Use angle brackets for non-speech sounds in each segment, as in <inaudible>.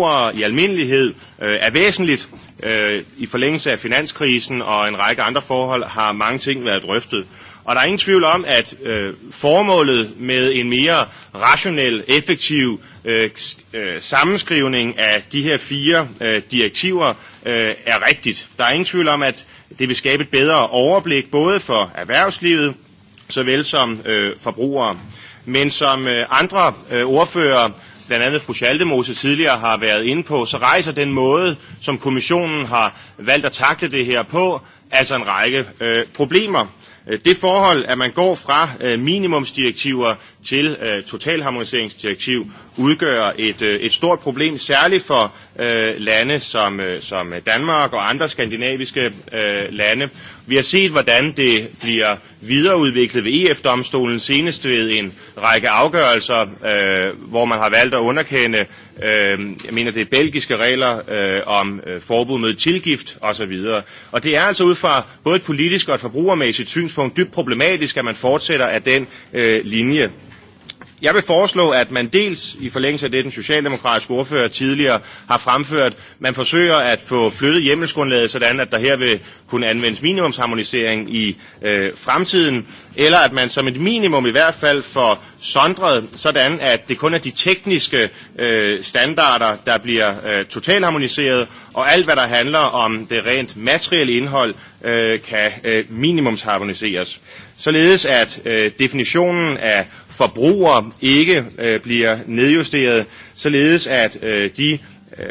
i almindelighed er væsentligt. I forlængelse af finanskrisen og en række andre forhold har mange ting været drøftet. Og der er ingen tvivl om, at formålet med en mere rationel, effektiv sammenskrivning af de her fire direktiver er rigtigt. Der er ingen tvivl om, at det vil skabe et bedre overblik både for erhvervslivet såvel som forbrugere. Men som andre ordfører blandt andet fru Schaldemose tidligere har været inde på, så rejser den måde, som kommissionen har valgt at takle det her på, altså en række problemer. Det forhold, at man går fra minimumsdirektiver til totalharmoniseringsdirektiv, udgør et et stort problem, særligt for lande som, som Danmark og andre skandinaviske øh, lande. Vi har set, hvordan det bliver videreudviklet ved EF-domstolen, senest ved en række afgørelser, øh, hvor man har valgt at underkende, øh, jeg mener det er belgiske regler øh, om øh, forbud mod tilgift osv. Og det er altså ud fra både et politisk og et forbrugermæssigt synspunkt dybt problematisk, at man fortsætter af den øh, linje. Jeg vil foreslå, at man dels i forlængelse af det, den socialdemokratiske ordfører tidligere har fremført, man forsøger at få flyttet hjemmelsgrundlaget, sådan at der her vil kunne anvendes minimumsharmonisering i fremtiden, eller at man som et minimum i hvert fald får sondret, sådan at det kun er de tekniske standarder, der bliver totalharmoniseret, og alt hvad der handler om det rent materielle indhold, kan minimumsharmoniseres således at definitionen af forbruger ikke bliver nedjusteret, således at de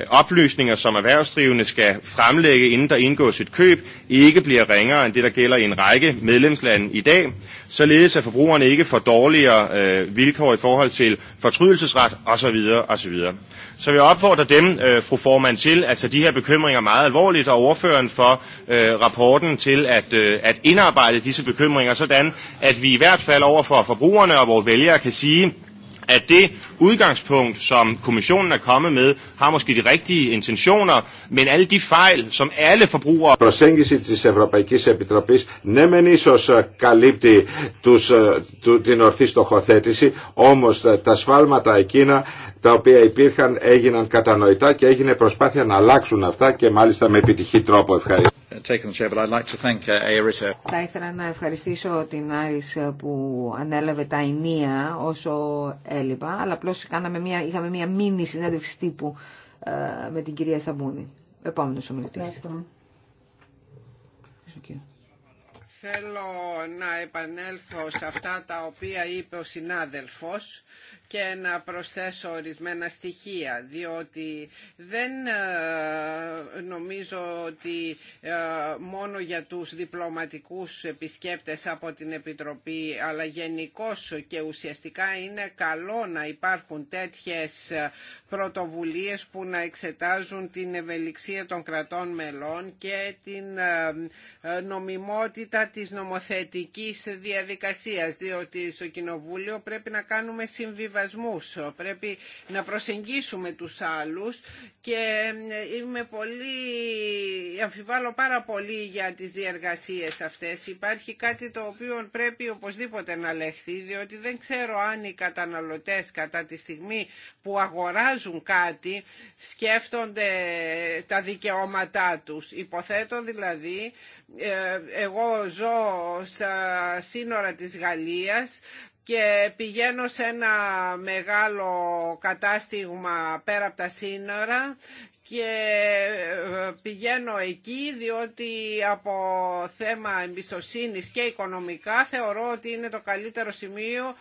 oplysninger, som erhvervsdrivende skal fremlægge, inden der indgås et køb, ikke bliver ringere end det, der gælder i en række medlemslande i dag, således at forbrugerne ikke får dårligere vilkår i forhold til fortrydelsesret osv. osv. Så vil jeg opfordre dem, fru formand, til at tage de her bekymringer meget alvorligt, og overføren for rapporten til at, at indarbejde disse bekymringer, sådan at vi i hvert fald over for forbrugerne og vores vælgere kan sige, at det udgangspunkt, som kommissionen er med, har måske de rigtige Προσέγγιση της Ευρωπαϊκής Επιτροπής, ναι μεν ε, καλύπτει τους, ε, την ορθή στοχοθέτηση, όμως ε, τα σφάλματα εκείνα τα οποία υπήρχαν έγιναν κατανοητά και έγινε προσπάθεια να αλλάξουν αυτά και μάλιστα με επιτυχή τρόπο. Ευχαριστώ. Uh, Θα ήθελα να ευχαριστήσω την Άρης που ανέλαβε τα απλώς κάναμε μια, είχαμε μια μίνι συνέντευξη τύπου ε, με την κυρία Σαμπούνη. Επόμενο ο Θέλω να επανέλθω σε αυτά τα οποία είπε ο συνάδελφος και να προσθέσω ορισμένα στοιχεία διότι δεν ε, νομίζω ότι ε, μόνο για τους διπλωματικούς επισκέπτες από την Επιτροπή αλλά γενικώ και ουσιαστικά είναι καλό να υπάρχουν τέτοιες ε, πρωτοβουλίες που να εξετάζουν την ευελιξία των κρατών μελών και την νομιμότητα της νομοθετικής διαδικασίας διότι στο Κοινοβούλιο πρέπει να κάνουμε συμβιβασία. Πρέπει να προσεγγίσουμε τους άλλους και ε, είμαι πολύ, αμφιβάλλω πάρα πολύ για τις διεργασίες αυτές. Υπάρχει κάτι το οποίο πρέπει οπωσδήποτε να λεχθεί, διότι δεν ξέρω αν οι καταναλωτές κατά τη στιγμή που αγοράζουν κάτι σκέφτονται τα δικαιώματά τους. Υποθέτω δηλαδή, ε, εγώ ζω στα σύνορα της Γαλλίας και πηγαίνω σε ένα μεγάλο κατάστημα πέρα από τα σύνορα και ε, πηγαίνω εκεί διότι από θέμα εμπιστοσύνης και οικονομικά θεωρώ ότι είναι το καλύτερο σημείο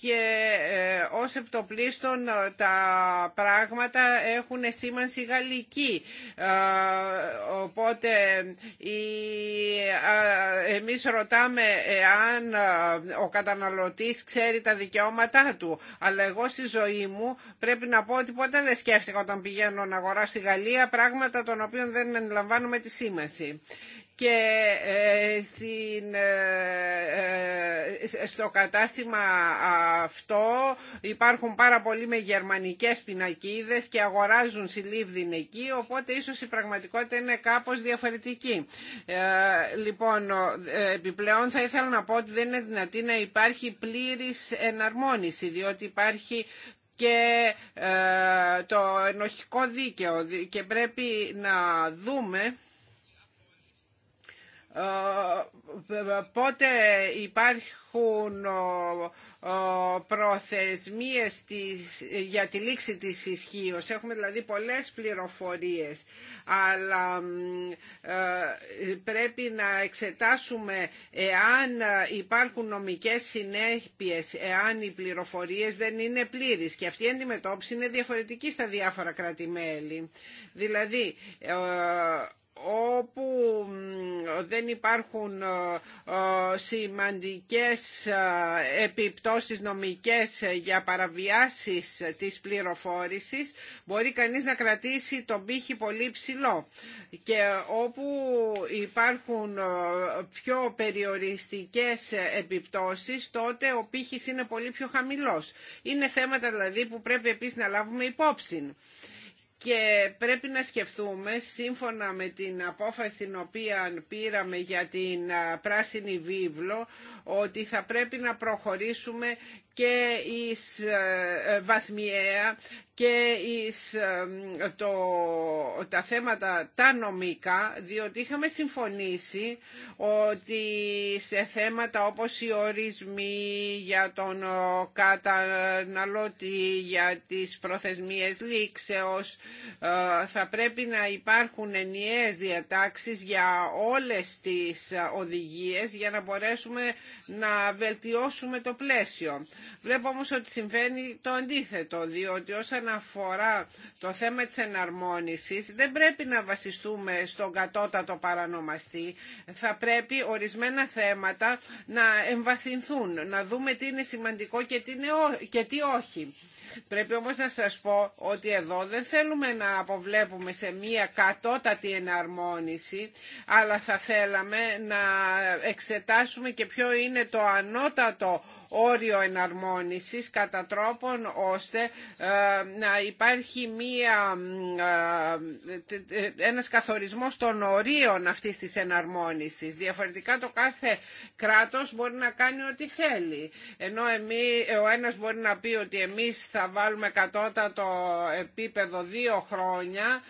και ε, ως επτοπλίστων ε, τα πράγματα έχουν σήμανση γαλλική. Ε, οπότε εμείς ρωτάμε εάν ο καταναλωτής ξέρει τα δικαιώματά του. Αλλά εγώ στη ζωή μου πρέπει να πω ότι ποτέ δεν σκέφτηκα όταν πηγαίνω να αγοράσω στη Γαλλία πράγματα των οποίων δεν αντιλαμβάνουμε τη σήμανση και ε, ε, ε, στο κατάστημα αυτό υπάρχουν πάρα πολλοί με γερμανικές πινακίδες και αγοράζουν συλλήβδιν εκεί οπότε ίσως η πραγματικότητα είναι κάπως διαφορετική. Λοιπόν, επιπλέον θα ήθελα να πω ότι δεν είναι δυνατή να υπάρχει πλήρης εναρμόνιση διότι υπάρχει και το ενοχικό δίκαιο και πρέπει να δούμε ε, ε, πότε υπάρχουν προθεσμίες για τη λήξη της ισχύω. Έχουμε δηλαδή πολλές πληροφορίες, αλλά ε, πρέπει να εξετάσουμε εάν υπάρχουν νομικές συνέπειες, εάν οι πληροφορίες δεν είναι πλήρεις. Και αυτή η αντιμετώπιση είναι διαφορετική στα διάφορα κράτη-μέλη. Δηλαδή, όπου δεν υπάρχουν ε, ε, σημαντικές ε, επιπτώσεις νομικές για παραβιάσεις της πληροφόρησης μπορεί κανείς να κρατήσει τον πύχη πολύ ψηλό και όπου υπάρχουν πιο περιοριστικές επιπτώσεις τότε ο πύχης είναι πολύ πιο χαμηλός. Είναι θέματα δηλαδή που πρέπει επίσης να λάβουμε υπόψη και πρέπει να σκεφτούμε σύμφωνα με την απόφαση την οποία πήραμε για την πράσινη βίβλο ότι θα πρέπει να προχωρήσουμε και εις ε, ε, βαθμιαία και εις ε, το, τα θέματα τα νομικά, διότι είχαμε συμφωνήσει ότι σε θέματα όπως οι ορισμοί για τον καταναλώτη, για τις προθεσμίες λήξεως, θα πρέπει να υπάρχουν ενιαίες διατάξεις για όλες τις οδηγίες για να μπορέσουμε να βελτιώσουμε το πλαίσιο. Βλέπω όμως ότι συμβαίνει το αντίθετο, διότι όσον αφορά το θέμα της εναρμόνισης δεν πρέπει να βασιστούμε στον κατώτατο παρανομαστή. Θα πρέπει ορισμένα θέματα να εμβαθυνθούν, να δούμε τι είναι σημαντικό και τι, είναι, και τι όχι. Πρέπει όμως να σας πω ότι εδώ δεν θέλουμε να αποβλέπουμε σε μία κατώτατη εναρμόνιση, αλλά θα θέλαμε να εξετάσουμε και ποιο είναι το ανώτατο όριο εναρμόνισης κατά τρόπον ώστε ε, να υπάρχει μία, ε, ε, ένας καθορισμός των ορίων αυτής της εναρμόνισης. Διαφορετικά το κάθε κράτος μπορεί να κάνει ό,τι θέλει. Ενώ εμείς, ο ένας μπορεί να πει ότι εμείς θα να βάλουμε κατώτατο επίπεδο δύο χρόνια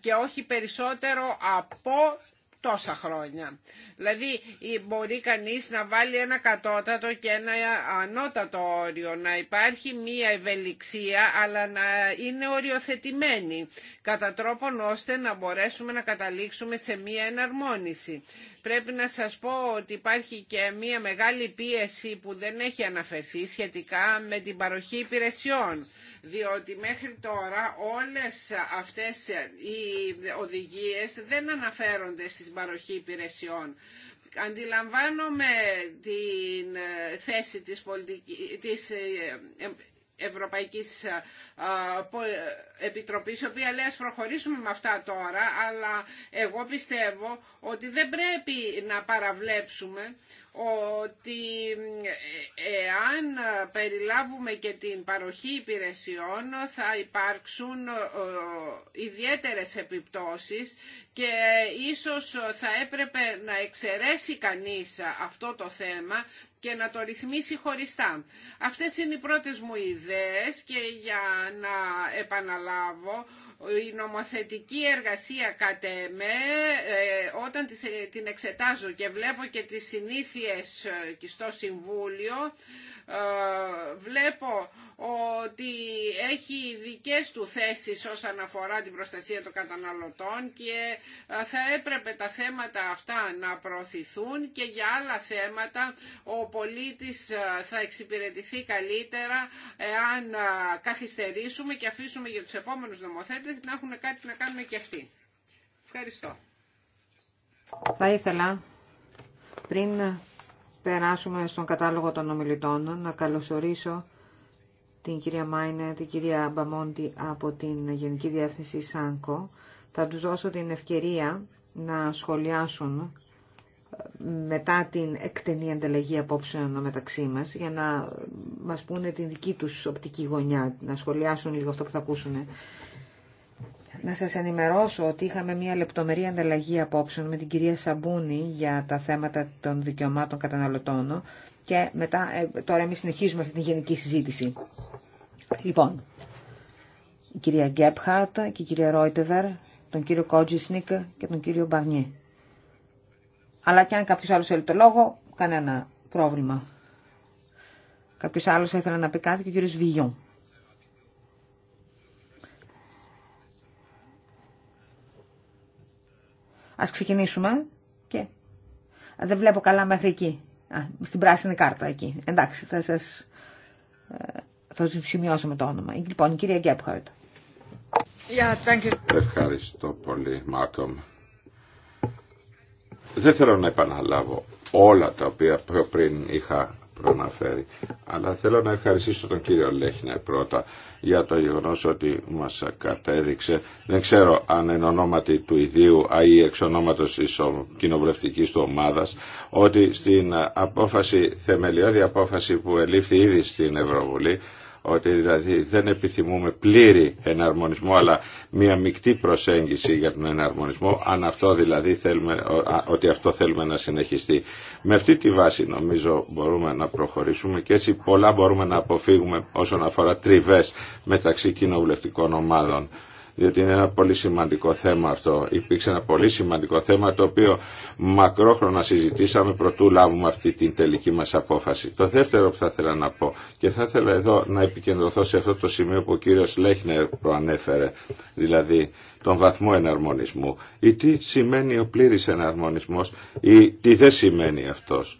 και όχι περισσότερο από τόσα χρόνια. Δηλαδή μπορεί κανείς να βάλει ένα κατώτατο και ένα ανώτατο όριο, να υπάρχει μία ευελιξία αλλά να είναι οριοθετημένη κατά τρόπον ώστε να μπορέσουμε να καταλήξουμε σε μία εναρμόνιση. Πρέπει να σας πω ότι υπάρχει και μια μεγάλη πίεση που δεν έχει αναφερθεί σχετικά με την παροχή υπηρεσιών, διότι μέχρι τώρα όλες αυτές οι οδηγίες δεν αναφέρονται στην παροχή υπηρεσιών αντιλαμβάνομαι την ε, θέση της, πολιτικής, ε, Ευρωπαϊκής ε, ε, ε, Επιτροπής, η οποία λέει ας προχωρήσουμε με αυτά τώρα, αλλά εγώ πιστεύω ότι δεν πρέπει να παραβλέψουμε ότι ε, εάν περιλάβουμε και την παροχή υπηρεσιών θα υπάρξουν ε, ιδιαίτερες επιπτώσεις και ε, ίσως θα έπρεπε να εξαιρέσει κανείς αυτό το θέμα και να το ρυθμίσει χωριστά. Αυτές είναι οι πρώτες μου ιδέες και για να επαναλάβω η νομοθετική εργασία κατ' εμέ, ε, όταν ε, την εξετάζω και βλέπω και τις συνήθειες ε, και στο Συμβούλιο, ε, βλέπω ότι έχει δικές του θέσεις όσον αφορά την προστασία των καταναλωτών και ε, θα έπρεπε τα θέματα αυτά να προωθηθούν και για άλλα θέματα ο πολίτης ε, θα εξυπηρετηθεί καλύτερα εάν καθυστερήσουμε και αφήσουμε για τους επόμενους νομοθέτες να έχουν κάτι να κάνουν και αυτοί. Ευχαριστώ. Θα ήθελα πριν περάσουμε στον κατάλογο των ομιλητών. Να καλωσορίσω την κυρία Μάινε, την κυρία Μπαμόντι από την Γενική Διεύθυνση ΣΑΝΚΟ. Θα τους δώσω την ευκαιρία να σχολιάσουν ε, μετά την εκτενή ανταλλαγή απόψεων μεταξύ μας για να μας πούνε την δική τους οπτική γωνιά, να σχολιάσουν λίγο αυτό που θα ακούσουν να σας ενημερώσω ότι είχαμε μια λεπτομερή ανταλλαγή απόψεων με την κυρία Σαμπούνη για τα θέματα των δικαιωμάτων καταναλωτών και μετά, ε, τώρα εμείς συνεχίζουμε αυτή τη γενική συζήτηση. Λοιπόν, η κυρία Γκέπχαρτ και η κυρία Ρόιτεβερ, τον κύριο Κότζισνικ και τον κύριο Μπαρνιέ. Αλλά και αν κάποιος άλλος θέλει το λόγο, κανένα πρόβλημα. Κάποιος άλλος ήθελε να πει κάτι και ο κύριος Βιγιόν. Ας ξεκινήσουμε και... Δεν βλέπω καλά μέχρι εκεί. στην πράσινη κάρτα εκεί. Εντάξει, θα σας... Ε, θα σημειώσω με το όνομα. Λοιπόν, η κυρία Γκέπχαρτ. Yeah, Ευχαριστώ πολύ, Μάκομ. Δεν θέλω να επαναλάβω όλα τα οποία πιο πριν είχα προναφέρει. Αλλά θέλω να ευχαριστήσω τον κύριο Λέχνερ πρώτα για το γεγονό ότι μας κατέδειξε. Δεν ξέρω αν εν ονόματι του ιδίου ή εξ ονόματος της κοινοβουλευτικής του ομάδας ότι στην απόφαση, θεμελιώδη απόφαση που ελήφθη ήδη στην Ευρωβουλή ότι δηλαδή δεν επιθυμούμε πλήρη εναρμονισμό αλλά μια μεικτή προσέγγιση για τον εναρμονισμό αν αυτό δηλαδή θέλουμε, ότι αυτό θέλουμε να συνεχιστεί. Με αυτή τη βάση νομίζω μπορούμε να προχωρήσουμε και έτσι πολλά μπορούμε να αποφύγουμε όσον αφορά τριβές μεταξύ κοινοβουλευτικών ομάδων διότι είναι ένα πολύ σημαντικό θέμα αυτό. Υπήρξε ένα πολύ σημαντικό θέμα το οποίο μακρόχρονα συζητήσαμε προτού λάβουμε αυτή την τελική μας απόφαση. Το δεύτερο που θα ήθελα να πω και θα ήθελα εδώ να επικεντρωθώ σε αυτό το σημείο που ο κύριος Λέχνερ προανέφερε, δηλαδή τον βαθμό εναρμονισμού ή τι σημαίνει ο πλήρης εναρμονισμός ή τι δεν σημαίνει αυτός.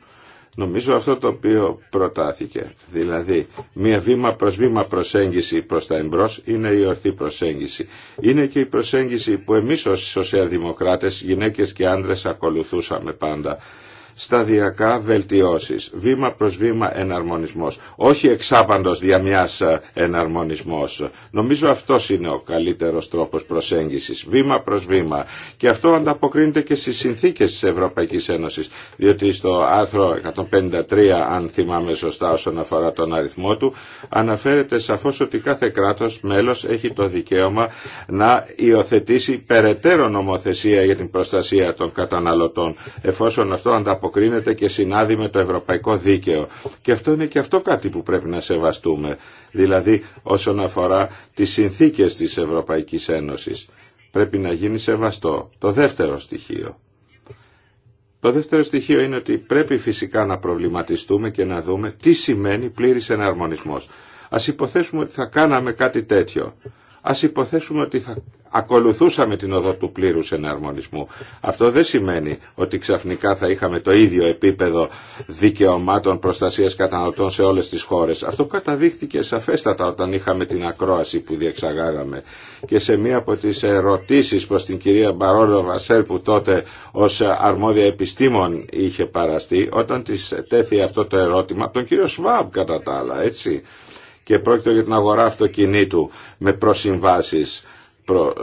Νομίζω αυτό το οποίο προτάθηκε, δηλαδή μία βήμα προς βήμα προσέγγιση προς τα εμπρός είναι η ορθή προσέγγιση. Είναι και η προσέγγιση που εμείς ως σοσιαλδημοκράτες, γυναίκες και άνδρες ακολουθούσαμε πάντα σταδιακά βελτιώσεις, βήμα προς βήμα εναρμονισμός, όχι εξάπαντος δια μιας ε, εναρμονισμός. Νομίζω αυτό είναι ο καλύτερος τρόπος προσέγγισης, βήμα προς βήμα. Και αυτό ανταποκρίνεται και στις συνθήκες της Ευρωπαϊκής Ένωσης, διότι στο άρθρο 153, αν θυμάμαι σωστά όσον αφορά τον αριθμό του, αναφέρεται σαφώς ότι κάθε κράτος μέλος έχει το δικαίωμα να υιοθετήσει περαιτέρω νομοθεσία για την προστασία των καταναλωτών, εφόσον αυτό ανταποκρίνεται ανταποκρίνεται και συνάδει με το ευρωπαϊκό δίκαιο. Και αυτό είναι και αυτό κάτι που πρέπει να σεβαστούμε, δηλαδή όσον αφορά τις συνθήκες της Ευρωπαϊκής Ένωσης. Πρέπει να γίνει σεβαστό. Το δεύτερο στοιχείο. Το δεύτερο στοιχείο είναι ότι πρέπει φυσικά να προβληματιστούμε και να δούμε τι σημαίνει πλήρης εναρμονισμός. Ας υποθέσουμε ότι θα κάναμε κάτι τέτοιο. Ας υποθέσουμε ότι θα ακολουθούσαμε την οδό του πλήρους εναρμονισμού. Αυτό δεν σημαίνει ότι ξαφνικά θα είχαμε το ίδιο επίπεδο δικαιωμάτων προστασίας καταναλωτών σε όλες τις χώρες. Αυτό καταδείχθηκε σαφέστατα όταν είχαμε την ακρόαση που διεξαγάγαμε. Και σε μία από τις ερωτήσεις προς την κυρία Μπαρόλο Βασέλ που τότε ως αρμόδια επιστήμων είχε παραστεί, όταν της τέθη αυτό το ερώτημα, τον κύριο Σβάμπ κατά τα άλλα, έτσι, και πρόκειται για την αγορά αυτοκινήτου με προσυμβάσεις προ,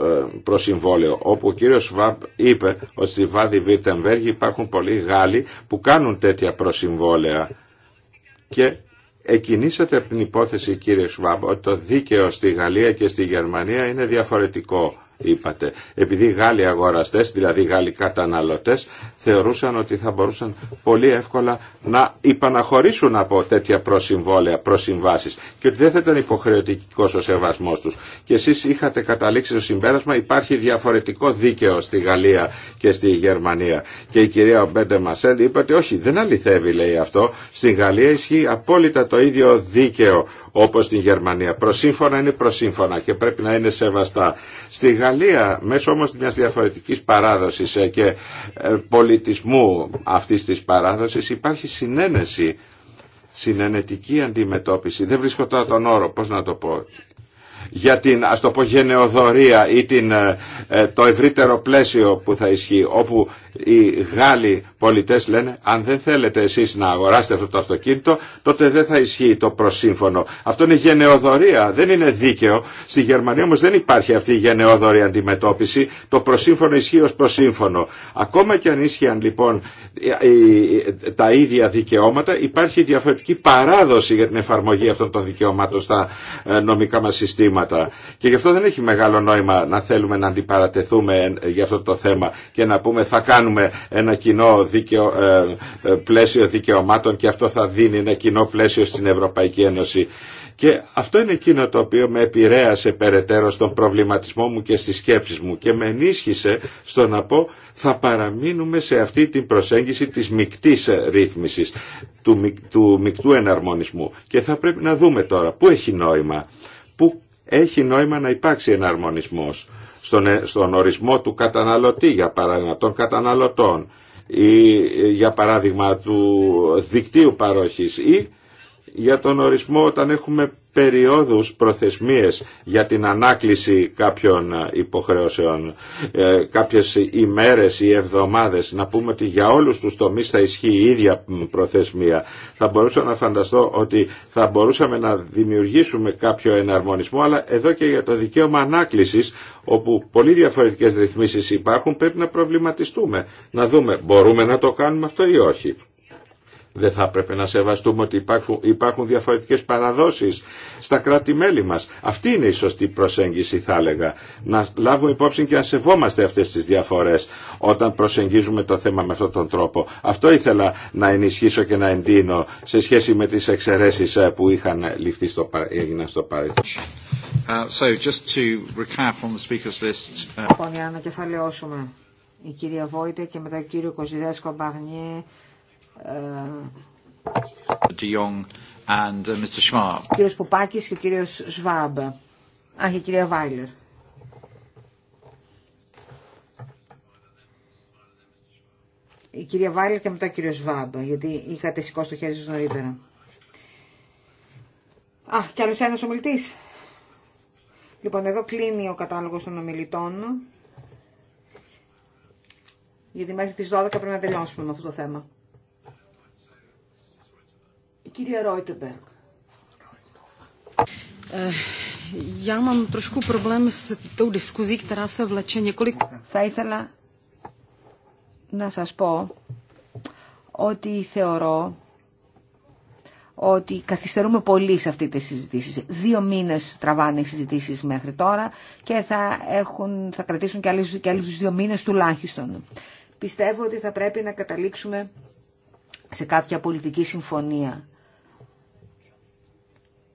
ε, όπου ο κύριος Σβάμπ είπε ότι στη Βάδη Βίρτεμβέργη υπάρχουν πολλοί Γάλλοι που κάνουν τέτοια προσυμβόλαια και εκινήσατε από την υπόθεση κύριε Σβάμπ ότι το δίκαιο στη Γαλλία και στη Γερμανία είναι διαφορετικό είπατε. Επειδή οι Γάλλοι αγοραστέ, δηλαδή οι Γάλλοι καταναλωτέ, θεωρούσαν ότι θα μπορούσαν πολύ εύκολα να υπαναχωρήσουν από τέτοια προσυμβόλαια, προσυμβάσει και ότι δεν θα ήταν υποχρεωτικό ο σεβασμός τους. Και εσείς είχατε καταλήξει στο συμπέρασμα υπάρχει διαφορετικό δίκαιο στη Γαλλία και στη Γερμανία. Και η κυρία Μπέντε Μασέλ είπε ότι όχι, δεν αληθεύει λέει αυτό. Στη Γαλλία ισχύει απόλυτα το ίδιο δίκαιο όπως στην Γερμανία. Προσύμφωνα είναι προσύμφωνα και πρέπει να είναι σεβαστά. Στη Γαλλία, μέσω όμως μιας διαφορετικής παράδοσης ε, και ε, πολιτισμού αυτής της παράδοσης υπάρχει συνένεση συνενετική αντιμετώπιση. Δεν βρίσκω τώρα τον όρο, πώς να το πω για την ας το πω γενεοδορία ή την, ε, ε, το ευρύτερο πλαίσιο που θα ισχύει όπου οι Γάλλοι πολιτές λένε αν δεν θέλετε εσείς να αγοράσετε αυτό το αυτοκίνητο τότε δεν θα ισχύει το προσύμφωνο. Αυτό είναι γενεοδορία, δεν είναι δίκαιο. Στη Γερμανία όμως δεν υπάρχει αυτή η γενεοδορία αντιμετώπιση. Το προσύμφωνο ισχύει ως προσύμφωνο. Ακόμα και αν ίσχυαν λοιπόν τα ίδια δικαιώματα υπάρχει διαφορετική παράδοση για την εφαρμογή αυτών των δικαιωμάτων στα ε, νομικά μας συστήματα προβλήματα. Και γι' αυτό δεν έχει μεγάλο νόημα να θέλουμε να αντιπαρατεθούμε για αυτό το θέμα και να πούμε θα κάνουμε ένα κοινό δίκαιο, ε, ε, πλαίσιο δικαιωμάτων και αυτό θα δίνει ένα κοινό πλαίσιο στην Ευρωπαϊκή Ένωση. Και αυτό είναι εκείνο το οποίο με επηρέασε περαιτέρω στον προβληματισμό μου και στις σκέψεις μου και με ενίσχυσε στο να πω θα παραμείνουμε σε αυτή την προσέγγιση της μικτής ρύθμισης, του, μικ, του μικτού εναρμονισμού. Και θα πρέπει να δούμε τώρα πού έχει νόημα, πού έχει νόημα να υπάρξει εναρμονισμός στον, ε, στον ορισμό του καταναλωτή, για παράδειγμα, των καταναλωτών ή ε, για παράδειγμα του δικτύου παρόχης ή για τον ορισμό όταν έχουμε περιόδους προθεσμίες για την ανάκληση κάποιων ε, υποχρεώσεων, ε, κάποιες ημέρες ή εβδομάδες, να πούμε ότι για όλους τους τομείς θα ισχύει η ίδια προθεσμία. Θα μπορούσα να φανταστώ ότι θα μπορούσαμε να δημιουργήσουμε κάποιο εναρμονισμό, αλλά εδώ και για το δικαίωμα ανάκλησης, όπου πολύ διαφορετικές ρυθμίσεις υπάρχουν, πρέπει να προβληματιστούμε, να δούμε μπορούμε να το κάνουμε αυτό ή όχι. Δεν θα έπρεπε να σεβαστούμε ότι υπάρχουν, υπάρχουν διαφορετικές παραδόσεις στα κράτη-μέλη μας. Αυτή είναι η σωστή προσέγγιση θα έλεγα. Να λάβουμε υπόψη και να σεβόμαστε αυτές τις διαφορές όταν προσεγγίζουμε το θέμα με αυτόν τον τρόπο. Αυτό ήθελα να ενισχύσω και να εντείνω σε σχέση με τις εξαιρέσεις ε, που είχαν ληφθεί στο, έγιναν στο παρελθόν. να η κυρία Βόητε και μετά ο κύριο Κοζιδέσκο Μπαγνιέ, and uh, Mr. κύριος Πουπάκης και κύριος Σβάμπ. Α, και κυρία Βάιλερ. Η κυρία Βάιλερ και μετά ο κύριος Σβάμπ, γιατί είχατε σηκώσει το χέρι σας νωρίτερα. Α, κι άλλος ένας ομιλητής. Λοιπόν, εδώ κλείνει ο κατάλογος των ομιλητών. Γιατί μέχρι τις 12 πρέπει να τελειώσουμε με αυτό το θέμα κυρία Ρόιτεμπεργκ. Ε, θα ήθελα να σας πω ότι θεωρώ ότι καθυστερούμε πολύ σε αυτή τις συζητήσεις. Δύο μήνες τραβάνε οι συζητήσεις μέχρι τώρα και θα, έχουν, θα κρατήσουν και άλλους, και άλλους δύο μήνες τουλάχιστον. Πιστεύω ότι θα πρέπει να καταλήξουμε σε κάποια πολιτική συμφωνία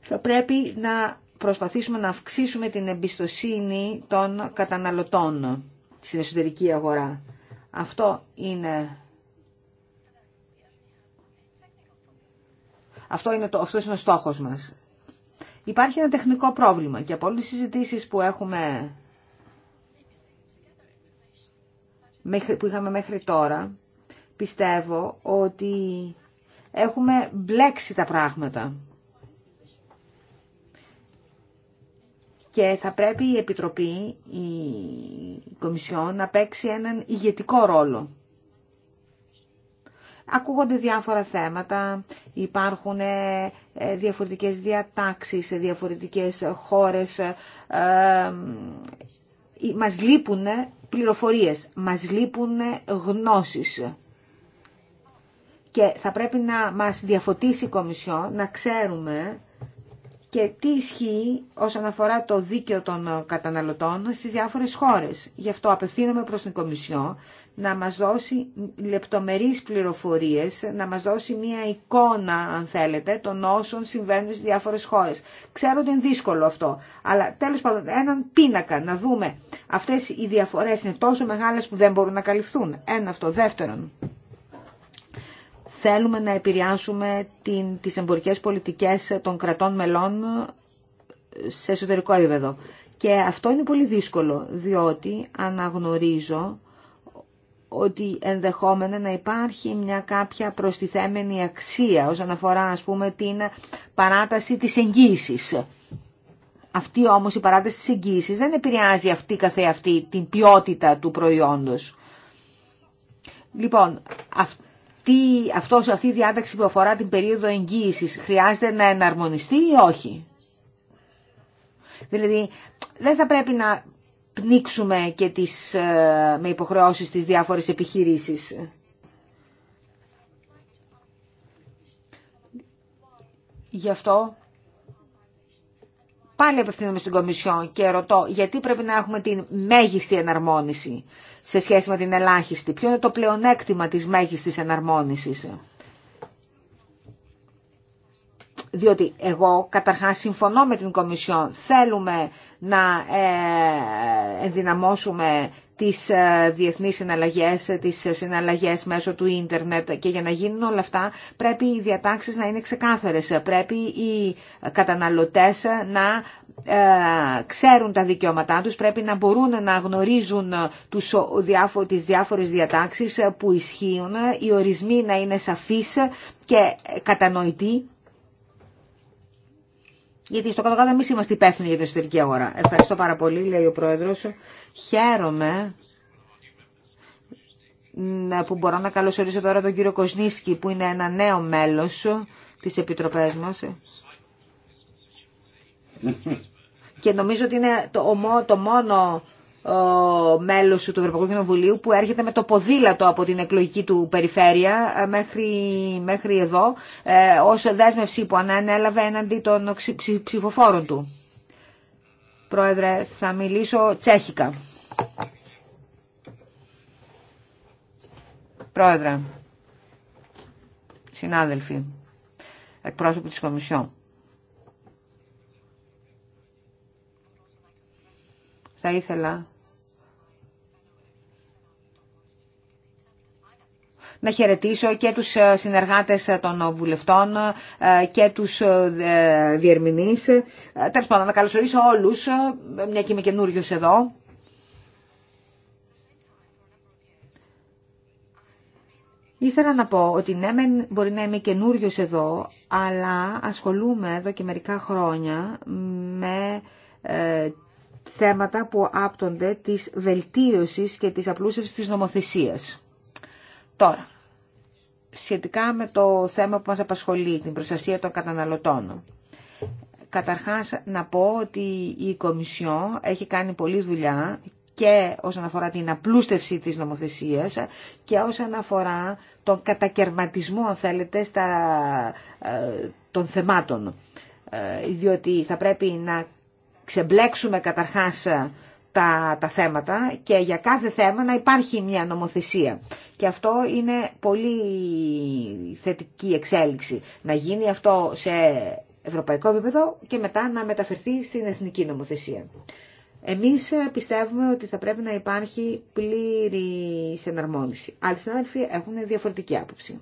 θα πρέπει να προσπαθήσουμε να αυξήσουμε την εμπιστοσύνη των καταναλωτών στην εσωτερική αγορά. Αυτό είναι... Αυτό είναι, το, είναι ο στόχος μας. Υπάρχει ένα τεχνικό πρόβλημα και από όλες τις συζητήσεις που έχουμε που είχαμε μέχρι τώρα, πιστεύω ότι έχουμε μπλέξει τα πράγματα. και θα πρέπει η Επιτροπή, η Κομισιόν, να παίξει έναν ηγετικό ρόλο. Ακούγονται διάφορα θέματα, υπάρχουν ε, ε, διαφορετικές διατάξεις σε διαφορετικές χώρες, ε, μας λείπουν πληροφορίες, μας λείπουν γνώσεις. Και θα πρέπει να μας διαφωτίσει η Κομισιόν, να ξέρουμε και τι ισχύει όσον αφορά το δίκαιο των καταναλωτών στις διάφορες χώρες. Γι' αυτό απευθύνομαι προς την Κομισιό να μας δώσει λεπτομερείς πληροφορίες, να μας δώσει μια εικόνα, αν θέλετε, των όσων συμβαίνουν στις διάφορες χώρες. Ξέρω ότι είναι δύσκολο αυτό, αλλά τέλος πάντων έναν πίνακα να δούμε. Αυτές οι διαφορές είναι τόσο μεγάλες που δεν μπορούν να καλυφθούν. Ένα αυτό. Δεύτερον, θέλουμε να επηρεάσουμε την, τις εμπορικές πολιτικές των κρατών μελών ε, σε εσωτερικό επίπεδο. Και αυτό είναι πολύ δύσκολο, διότι αναγνωρίζω ότι ενδεχόμενα να υπάρχει μια κάποια προστιθέμενη αξία όσον αφορά ας πούμε την παράταση της εγγύησης. Αυτή όμως η παράταση της εγγύησης δεν επηρεάζει αυτή καθεαυτή την ποιότητα του προϊόντος. Λοιπόν, αυτό αυτή, αυτός, αυτή η διάταξη που αφορά την περίοδο εγγύησης χρειάζεται να εναρμονιστεί ή όχι. Δηλαδή δεν θα πρέπει να πνίξουμε και τις, ε, με υποχρεώσεις τις διάφορες επιχειρήσεις. Γι' αυτό Πάλι απευθύνομαι στην Κομισιόν και ρωτώ γιατί πρέπει να έχουμε την μέγιστη εναρμόνιση σε σχέση με την ελάχιστη. Ποιο είναι το πλεονέκτημα της μέγιστης εναρμόνισης. Διότι εγώ καταρχάς συμφωνώ με την Κομισιόν. Θέλουμε να ε, ενδυναμώσουμε τις ε, διεθνείς συναλλαγές, τις συναλλαγές μέσω του ίντερνετ και για να γίνουν όλα αυτά πρέπει οι διατάξεις να είναι ξεκάθαρες. Πρέπει οι καταναλωτές να ε, ξέρουν τα δικαιώματά τους, πρέπει να μπορούν να γνωρίζουν τους, τις διάφορες διατάξεις που ισχύουν, οι ορισμοί να είναι σαφείς και κατανοητοί γιατί στο κάτω-κάτω εμεί είμαστε υπεύθυνοι για την εσωτερική αγορά. Ευχαριστώ πάρα πολύ, λέει ο Πρόεδρο. Χαίρομαι που μπορώ να καλωσορίσω τώρα τον κύριο Κοσνίσκι, που είναι ένα νέο μέλο τη Επιτροπή μα. <laughs> Και νομίζω ότι είναι το, το μόνο μέλος του Ευρωπαϊκού Κοινοβουλίου που έρχεται με το ποδήλατο από την εκλογική του περιφέρεια ε, μέχρι, μέχρι εδώ ε, ως δέσμευση που ανέλαβε έναντι των ψηφοφόρων του. Πρόεδρε, θα μιλήσω τσέχικα. Πρόεδρε, συνάδελφοι, εκπρόσωποι της Κομισιόν. Θα ήθελα να χαιρετήσω και τους ε, συνεργάτες ε, των ε, βουλευτών και τους διερμηνείς. Τέλος πάντων, να καλωσορίσω όλους, μια και είμαι καινούριο εδώ. Ήθελα να πω ότι ναι, μπορεί να είμαι καινούριο εδώ, αλλά ασχολούμαι εδώ και μερικά χρόνια με θέματα που άπτονται της βελτίωσης και της απλούσευσης της νομοθεσίας. Τώρα, σχετικά με το θέμα που μας απασχολεί, την προστασία των καταναλωτών. Καταρχάς να πω ότι η Κομισιό έχει κάνει πολλή δουλειά και όσον αφορά την απλούστευση της νομοθεσίας και όσον αφορά τον κατακαιρματισμό, αν θέλετε, ε, των θεμάτων. Ε, διότι θα πρέπει να ξεμπλέξουμε καταρχάς τα, τα θέματα και για κάθε θέμα να υπάρχει μια νομοθεσία. Και αυτό είναι πολύ θετική εξέλιξη. Να γίνει αυτό σε ευρωπαϊκό επίπεδο και μετά να μεταφερθεί στην εθνική νομοθεσία. Εμείς πιστεύουμε ότι θα πρέπει να υπάρχει πλήρη συναρμόνιση. Άλλοι συνάδελφοι έχουν διαφορετική άποψη.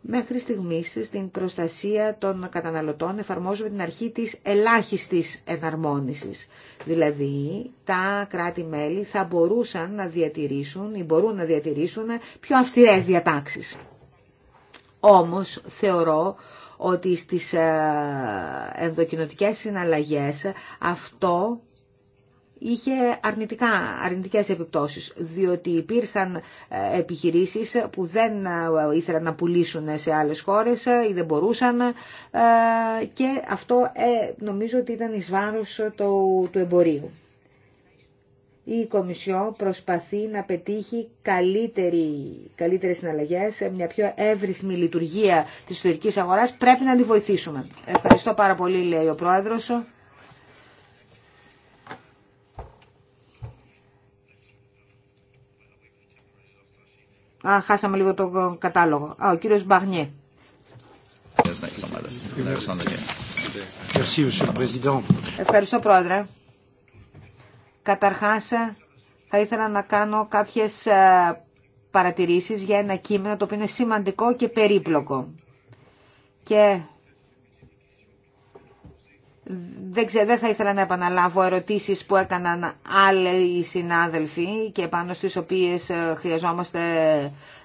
Μέχρι στιγμής στην προστασία των καταναλωτών εφαρμόζουμε την αρχή της ελάχιστης εναρμόνισης. Δηλαδή τα κράτη-μέλη θα μπορούσαν να διατηρήσουν ή μπορούν να διατηρήσουν πιο αυστηρές διατάξεις. Όμως θεωρώ ότι στις ε, ενδοκινοτικές συναλλαγές αυτό είχε αρνητικά, αρνητικές επιπτώσεις, διότι υπήρχαν ε, επιχειρήσεις που δεν ε, ήθελαν να πουλήσουν σε άλλες χώρες ε, ή δεν μπορούσαν και αυτό νομίζω ότι ήταν εις βάρος του, εμπορίου. Η Κομισιό προσπαθεί να πετύχει καλύτερη, καλύτερες συναλλαγές, μια πιο εύρυθμη λειτουργία της ιστορικής αγοράς. Πρέπει να τη βοηθήσουμε. Ευχαριστώ πάρα πολύ, λέει ο Πρόεδρος. Α, χάσαμε λίγο το κατάλογο. Α, ο κύριος Μπαγνιέ. Ευχαριστώ, Πρόεδρε. Καταρχάς, θα ήθελα να κάνω κάποιες ε, παρατηρήσεις για ένα κείμενο το οποίο είναι σημαντικό και περίπλοκο. Και δεν, δεν θα ήθελα να επαναλάβω ερωτήσεις που έκαναν άλλοι συνάδελφοι και πάνω στις οποίες ε, χρειαζόμαστε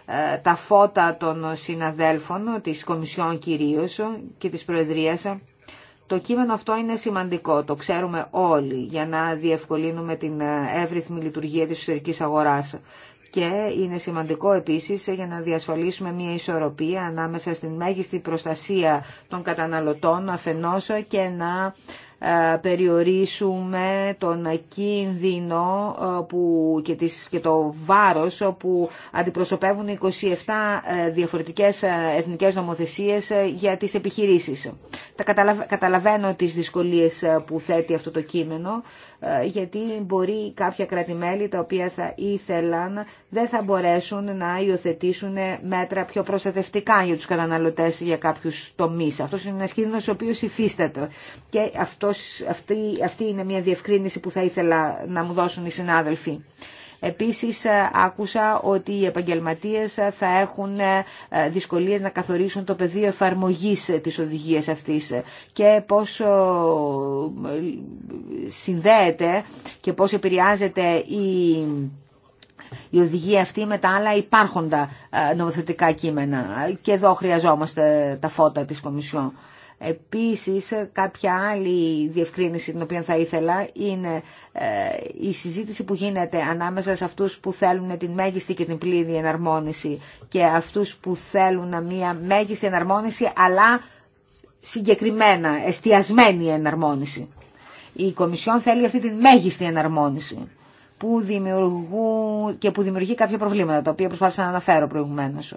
ε, τα φώτα των συναδέλφων, της Κομισιόν κυρίως και της Προεδρίας. Το κείμενο αυτό είναι σημαντικό, το ξέρουμε όλοι, για να διευκολύνουμε την ε, εύρυθμη λειτουργία της εσωτερικής αγοράς και είναι σημαντικό επίσης για να διασφαλίσουμε μια ισορροπία ανάμεσα στην μέγιστη προστασία των καταναλωτών αφενός και να ε, περιορίσουμε τον κίνδυνο ε, που, και, και το βάρος που αντιπροσωπεύουν 27 ε, διαφορετικές εθνικές νομοθεσίες για τις επιχειρήσεις. Τα καταλαβαίνω τις δυσκολίες που θέτει αυτό το κείμενο γιατί μπορεί κάποια κρατημέλη τα οποία θα ήθελαν δεν θα μπορέσουν να υιοθετήσουν μέτρα πιο προστατευτικά για τους καταναλωτές για κάποιους τομείς. Αυτός είναι ένας κίνδυνος ο οποίος υφίσταται και αυτό αυτή, αυτή είναι μια διευκρίνηση που θα ήθελα να μου δώσουν οι συνάδελφοι. Επίσης ε, άκουσα ότι οι επαγγελματίες ε, θα έχουν ε, δυσκολίες να καθορίσουν το πεδίο εφαρμογής της οδηγίας αυτής και πώς συνδέεται και πώς επηρεάζεται η η οδηγία αυτή με τα άλλα υπάρχοντα νομοθετικά κείμενα. Και εδώ χρειαζόμαστε τα φώτα της Κομισιόν. Επίσης, κάποια άλλη διευκρίνηση την οποία θα ήθελα είναι ε, η συζήτηση που γίνεται ανάμεσα σε αυτούς που θέλουν την μέγιστη και την πλήρη εναρμόνιση και αυτούς που θέλουν μια μέγιστη εναρμόνιση αλλά συγκεκριμένα εστιασμένη εναρμόνιση. Η Κομισιόν θέλει αυτή την μέγιστη εναρμόνιση που και που δημιουργεί κάποια προβλήματα, τα οποία προσπάθησα να αναφέρω προηγουμένως.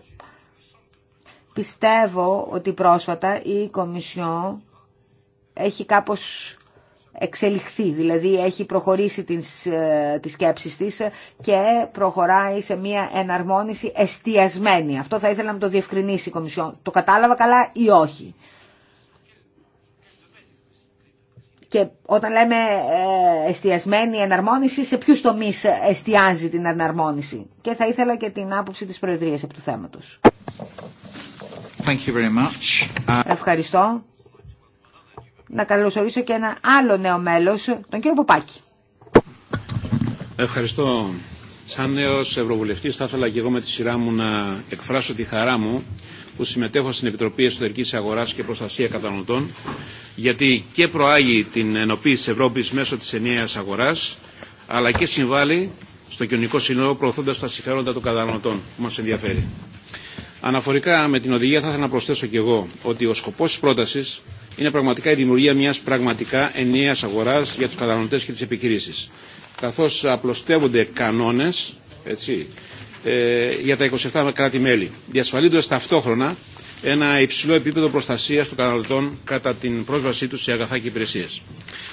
Πιστεύω ότι πρόσφατα η Κομισιό έχει κάπως εξελιχθεί, δηλαδή έχει προχωρήσει τις, ε, τις σκέψεις και προχωράει σε μια εναρμόνιση εστιασμένη. Αυτό θα ήθελα να το διευκρινίσει η Κομισιό. Το κατάλαβα καλά ή όχι. Και όταν λέμε ε, εστιασμένη εναρμόνιση, σε ποιους τομείς εστιάζει την εναρμόνιση. Και θα ήθελα και την άποψη της Προεδρίας από του τους. Uh, Ευχαριστώ. Να καλωσορίσω και ένα άλλο νέο μέλος, τον κύριο Ποπάκη. Ευχαριστώ. Σαν νέος Ευρωβουλευτής θα ήθελα και εγώ με τη σειρά μου να εκφράσω τη χαρά μου που συμμετέχω στην Επιτροπή Εσωτερικής Αγοράς και Προστασία Καταναλωτών, γιατί και προάγει την ενοποίηση Ευρώπης Ευρώπη μέσω της ενιαίας αγοράς αλλά και συμβάλλει στο κοινωνικό συνολό προωθώντα τα συμφέροντα των καταναλωτών που μα ενδιαφέρει. Αναφορικά με την οδηγία θα ήθελα να προσθέσω και εγώ ότι ο σκοπός της πρότασης είναι πραγματικά η δημιουργία μιας πραγματικά ενιαίας αγοράς για τους καταναλωτές και τις επιχειρήσεις. Καθώς απλωστεύονται κανόνες ε, για τα 27 κράτη-μέλη, διασφαλίζοντας ταυτόχρονα ένα υψηλό επίπεδο προστασία των καταναλωτών κατά την πρόσβασή του σε αγαθά και υπηρεσίε.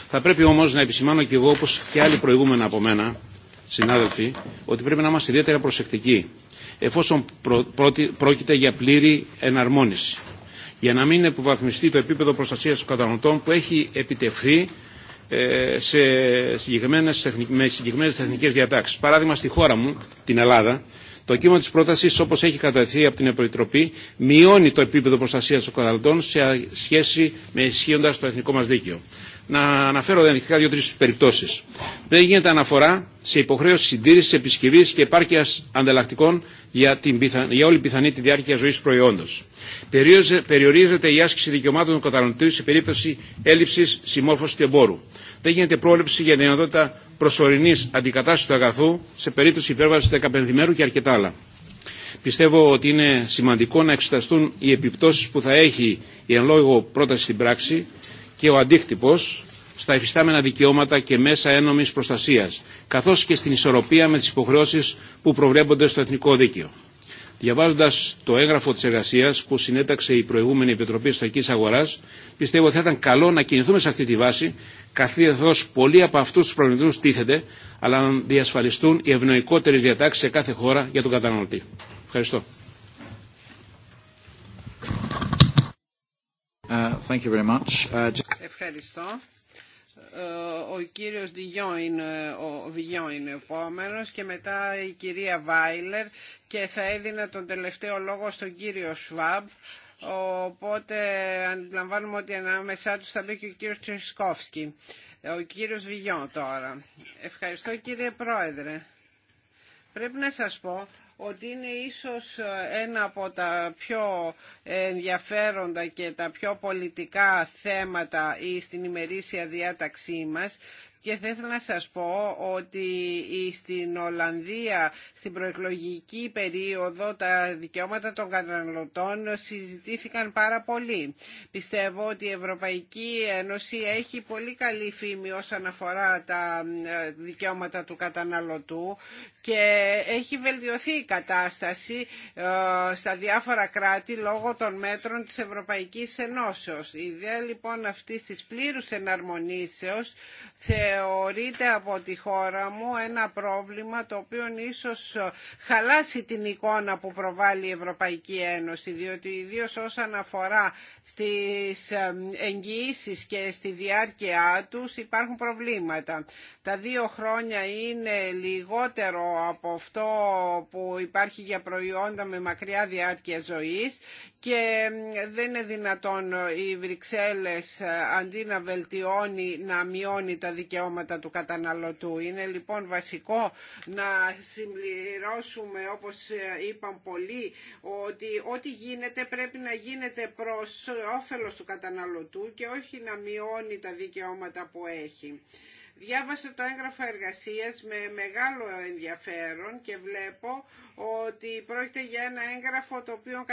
Θα πρέπει όμω να επισημάνω και εγώ, όπω και άλλοι προηγούμενα από μένα, συνάδελφοι, ότι πρέπει να είμαστε ιδιαίτερα προσεκτικοί εφόσον πρόκειται για πλήρη εναρμόνιση. Για να μην υποβαθμιστεί το επίπεδο προστασίας των καταναλωτών που έχει επιτευχθεί ε, σε συγκεκριμένες, με συγκεκριμένες εθνικές διατάξεις. Παράδειγμα, στη χώρα μου, την Ελλάδα, το κύμα της πρότασης, όπως έχει κατατεθεί από την Επιτροπή, μειώνει το επίπεδο προστασίας των καταναλωτών σε σχέση με ισχύοντα το εθνικό μας δίκαιο να αναφέρω ενδεικτικά δύο-τρει περιπτώσει. Δεν γίνεται αναφορά σε υποχρέωση συντήρηση, επισκευή και επάρκεια ανταλλακτικών για, την για όλη πιθανή τη διάρκεια ζωή προϊόντο. Περιορίζεται η άσκηση δικαιωμάτων των καταναλωτή σε περίπτωση έλλειψη συμμόρφωση του εμπόρου. Δεν γίνεται πρόληψη για δυνατότητα προσωρινή αντικατάσταση του αγαθού σε περίπτωση υπέρβαση 15 μέρου και αρκετά άλλα. Πιστεύω ότι είναι σημαντικό να εξεταστούν οι επιπτώσει που θα έχει η εν λόγω πρόταση στην πράξη και ο αντίκτυπος στα υφιστάμενα δικαιώματα και μέσα ένομης προστασίας, καθώς και στην ισορροπία με τις υποχρεώσεις που προβλέπονται στο Εθνικό Δίκαιο. Διαβάζοντα το έγγραφο τη εργασία που συνέταξε η προηγούμενη Επιτροπή Ιστορική Αγορά, πιστεύω ότι θα ήταν καλό να κινηθούμε σε αυτή τη βάση, καθώ πολλοί από αυτού του προβληματισμού τίθενται, αλλά να διασφαλιστούν οι ευνοϊκότερε διατάξει σε κάθε χώρα για τον καταναλωτή. Ευχαριστώ. Uh, thank you very much. Uh, Ευχαριστώ. Ε, ο κύριος Διγιό είναι ο Βιγιό είναι επόμενος και μετά η κυρία Βάιλερ και θα έδινα τον τελευταίο λόγο στον κύριο Σουάμπ. οπότε αντιλαμβάνουμε ότι ανάμεσά τους θα μπει και ο κύριος Τσεσκόφσκι. Ο κύριος Βιγιό τώρα. Ευχαριστώ κύριε Πρόεδρε. Πρέπει να σας πω ότι είναι ίσως ε, ένα από τα πιο ενδιαφέροντα και τα πιο πολιτικά θέματα στην ημερήσια διάταξή μας και θα ήθελα να σας πω ότι στην Ολλανδία στην προεκλογική περίοδο τα δικαιώματα των καταναλωτών συζητήθηκαν πάρα πολύ. Πιστεύω ότι η Ευρωπαϊκή Ένωση έχει πολύ καλή φήμη όσον αφορά τα ε, δικαιώματα του καταναλωτού και έχει βελτιωθεί η κατάσταση ε, στα διάφορα κράτη λόγω των μέτρων της Ευρωπαϊκής Ενώσεως. Η ιδέα λοιπόν αυτής της πλήρους εναρμονήσεως θεωρείται από τη χώρα μου ένα πρόβλημα το οποίο ίσως χαλάσει την εικόνα που προβάλλει η Ευρωπαϊκή Ένωση διότι ιδίω όσον αφορά στις ε, εγγυήσεις και στη διάρκεια τους υπάρχουν προβλήματα. Τα δύο χρόνια είναι λιγότερο από αυτό που υπάρχει για προϊόντα με μακριά διάρκεια ζωής και δεν είναι δυνατόν οι Βρυξέλλες ε, αντί να βελτιώνει να μειώνει τα δικαιώματα δικαιώματα του καταναλωτού. Είναι λοιπόν βασικό να συμπληρώσουμε όπως ε, είπαν πολλοί ότι ό,τι γίνεται πρέπει να γίνεται προς όφελος του καταναλωτού και όχι να μειώνει τα δικαιώματα που έχει. Διάβασα το έγγραφο εργασίας με μεγάλο ενδιαφέρον και βλέπω ότι πρόκειται για ένα έγγραφο το οποίο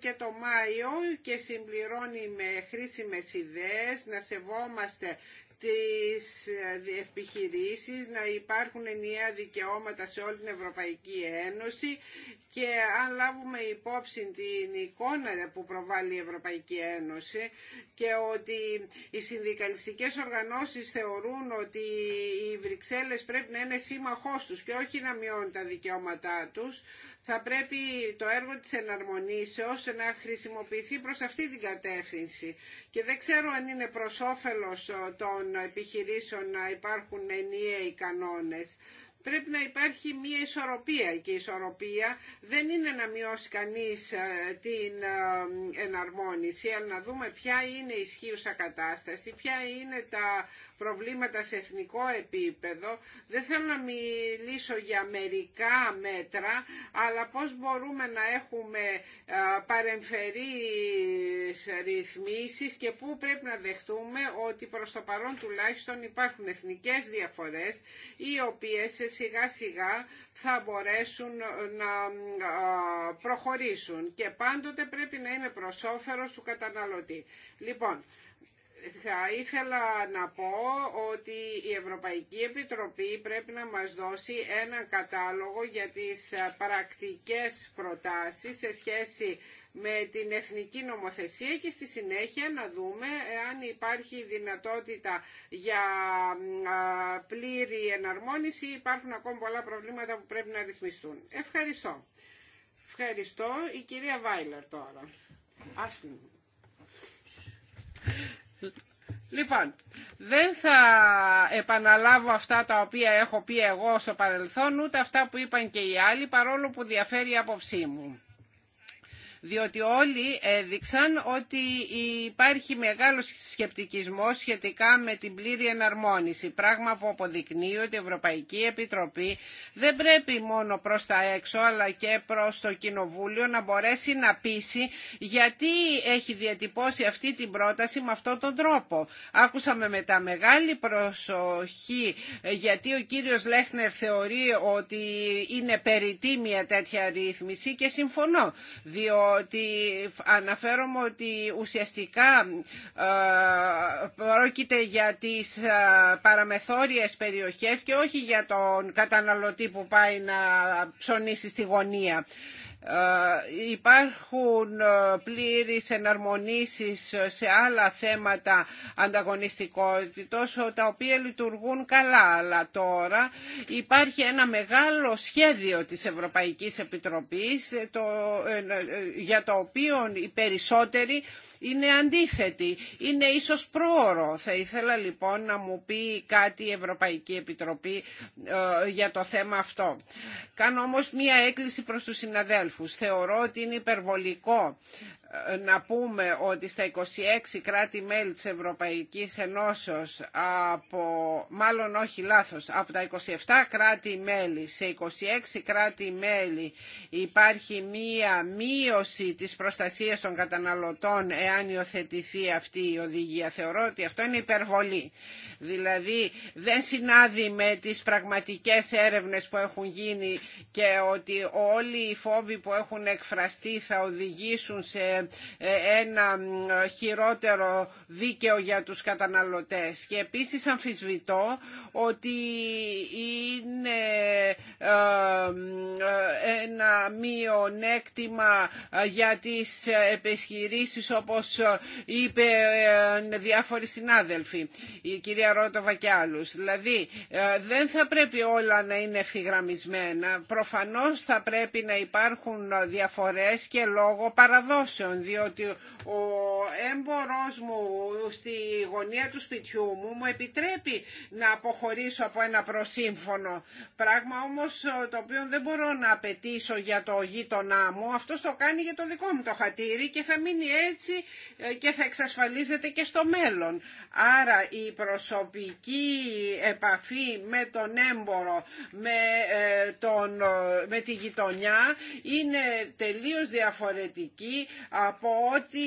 και το Μάιο και συμπληρώνει με χρήσιμες ιδέες να σεβόμαστε τις ε, επιχειρήσεις, να υπάρχουν ενιαία δικαιώματα σε όλη την Ευρωπαϊκή Ένωση και αν λάβουμε υπόψη την εικόνα που προβάλλει η Ευρωπαϊκή Ένωση και ότι οι συνδικαλιστικές οργανώσεις θεωρούν ότι οι Βρυξέλλες πρέπει να είναι σύμμαχός τους και όχι να μειώνουν τα δικαιώματά τους, θα πρέπει το έργο της εναρμονήσεως να χρησιμοποιηθεί προς αυτή την κατεύθυνση. Και δεν ξέρω αν είναι προς όφελος ε, των επιχειρήσεων να υπάρχουν ενιαίοι κανόνες πρέπει να υπάρχει μια ισορροπία και η ισορροπία δεν είναι να μειώσει κανείς ε, την ε, εναρμόνιση αλλά να δούμε ποια είναι η ισχύουσα κατάσταση, ποια είναι τα προβλήματα σε εθνικό επίπεδο. Δεν θέλω να μιλήσω για μερικά μέτρα αλλά πώς μπορούμε να έχουμε ε, παρεμφερείς ρυθμίσεις και πού πρέπει να δεχτούμε ότι προς το παρόν τουλάχιστον υπάρχουν εθνικές διαφορές οι οποίες σιγά σιγά θα μπορέσουν ε, να ε, προχωρήσουν και πάντοτε πρέπει να είναι προσόφερος του καταναλωτή. Λοιπόν, θα ήθελα να πω ότι η Ευρωπαϊκή Επιτροπή πρέπει να μας δώσει ένα κατάλογο για τις ε, πρακτικές προτάσεις σε σχέση με την εθνική νομοθεσία και στη συνέχεια να δούμε αν υπάρχει δυνατότητα για πλήρη εναρμόνιση ή υπάρχουν ακόμα πολλά προβλήματα που πρέπει να ρυθμιστούν. Ευχαριστώ. Ευχαριστώ. Η κυρία Βάιλερ τώρα. αστιν Λοιπόν, δεν θα επαναλάβω αυτά τα οποία έχω πει εγώ στο παρελθόν, ούτε αυτά που είπαν και οι άλλοι, παρόλο που διαφέρει η άποψή μου διότι όλοι έδειξαν ότι υπάρχει μεγάλος σκεπτικισμός σχετικά με την πλήρη εναρμόνιση, πράγμα που αποδεικνύει ότι η Ευρωπαϊκή Επιτροπή δεν πρέπει μόνο προς τα έξω αλλά και προς το Κοινοβούλιο να μπορέσει να πείσει γιατί έχει διατυπώσει αυτή την πρόταση με αυτόν τον τρόπο. Άκουσαμε με τα μεγάλη προσοχή γιατί ο κύριος Λέχνερ θεωρεί ότι είναι περιττή τέτοια ρύθμιση και συμφωνώ διότι ότι αναφέρομαι ότι ουσιαστικά ε, πρόκειται για τις ε, παραμεθόριες περιοχές και όχι για τον καταναλωτή που πάει να ψωνίσει στη γωνία. Ε, υπάρχουν ε, πλήρεις εναρμονήσεις σε άλλα θέματα ανταγωνιστικότητος τα οποία λειτουργούν καλά αλλά τώρα υπάρχει ένα μεγάλο σχέδιο της Ευρωπαϊκής Επιτροπής ε, για το οποίο οι περισσότεροι είναι αντίθετη. Είναι ίσως πρόωρο. Θα ήθελα λοιπόν να μου πει κάτι η Ευρωπαϊκή Επιτροπή ε, για το θέμα αυτό. Κάνω όμως μία έκκληση προς τους συναδέλφους. Θεωρώ ότι είναι υπερβολικό να πούμε ότι στα 26 κράτη-μέλη της Ευρωπαϊκής Ενώσεως από, μάλλον όχι λάθος, από τα 27 κράτη-μέλη σε 26 κράτη-μέλη υπάρχει μία μείωση της προστασίας των καταναλωτών εάν υιοθετηθεί αυτή η οδηγία. Θεωρώ ότι αυτό είναι υπερβολή. Δηλαδή δεν συνάδει με τις πραγματικές έρευνες που έχουν γίνει και ότι όλοι οι φόβοι που έχουν εκφραστεί θα οδηγήσουν σε ε, ένα χειρότερο δίκαιο για τους καταναλωτές. Και επίσης αμφισβητώ ότι είναι ε, ε, ένα μειονέκτημα για τις επιχειρήσεις όπως είπε διάφοροι συνάδελφοι, η κυρία Ρότοβα και άλλους. Δηλαδή δεν θα πρέπει όλα να είναι ευθυγραμμισμένα. Προφανώς θα πρέπει να υπάρχουν διαφορές και λόγω παραδόσεων διότι ο έμπορος μου στη γωνία του σπιτιού μου μου επιτρέπει να αποχωρήσω από ένα προσύμφωνο πράγμα όμως ε, το οποίο δεν μπορώ να απαιτήσω για το γείτονά μου αυτό το κάνει για το δικό μου το χατήρι και θα μείνει έτσι ε, και θα εξασφαλίζεται και στο μέλλον άρα η προσωπική επαφή με τον έμπορο με, ε, τον, με τη γειτονιά είναι τελείως διαφορετική από ό,τι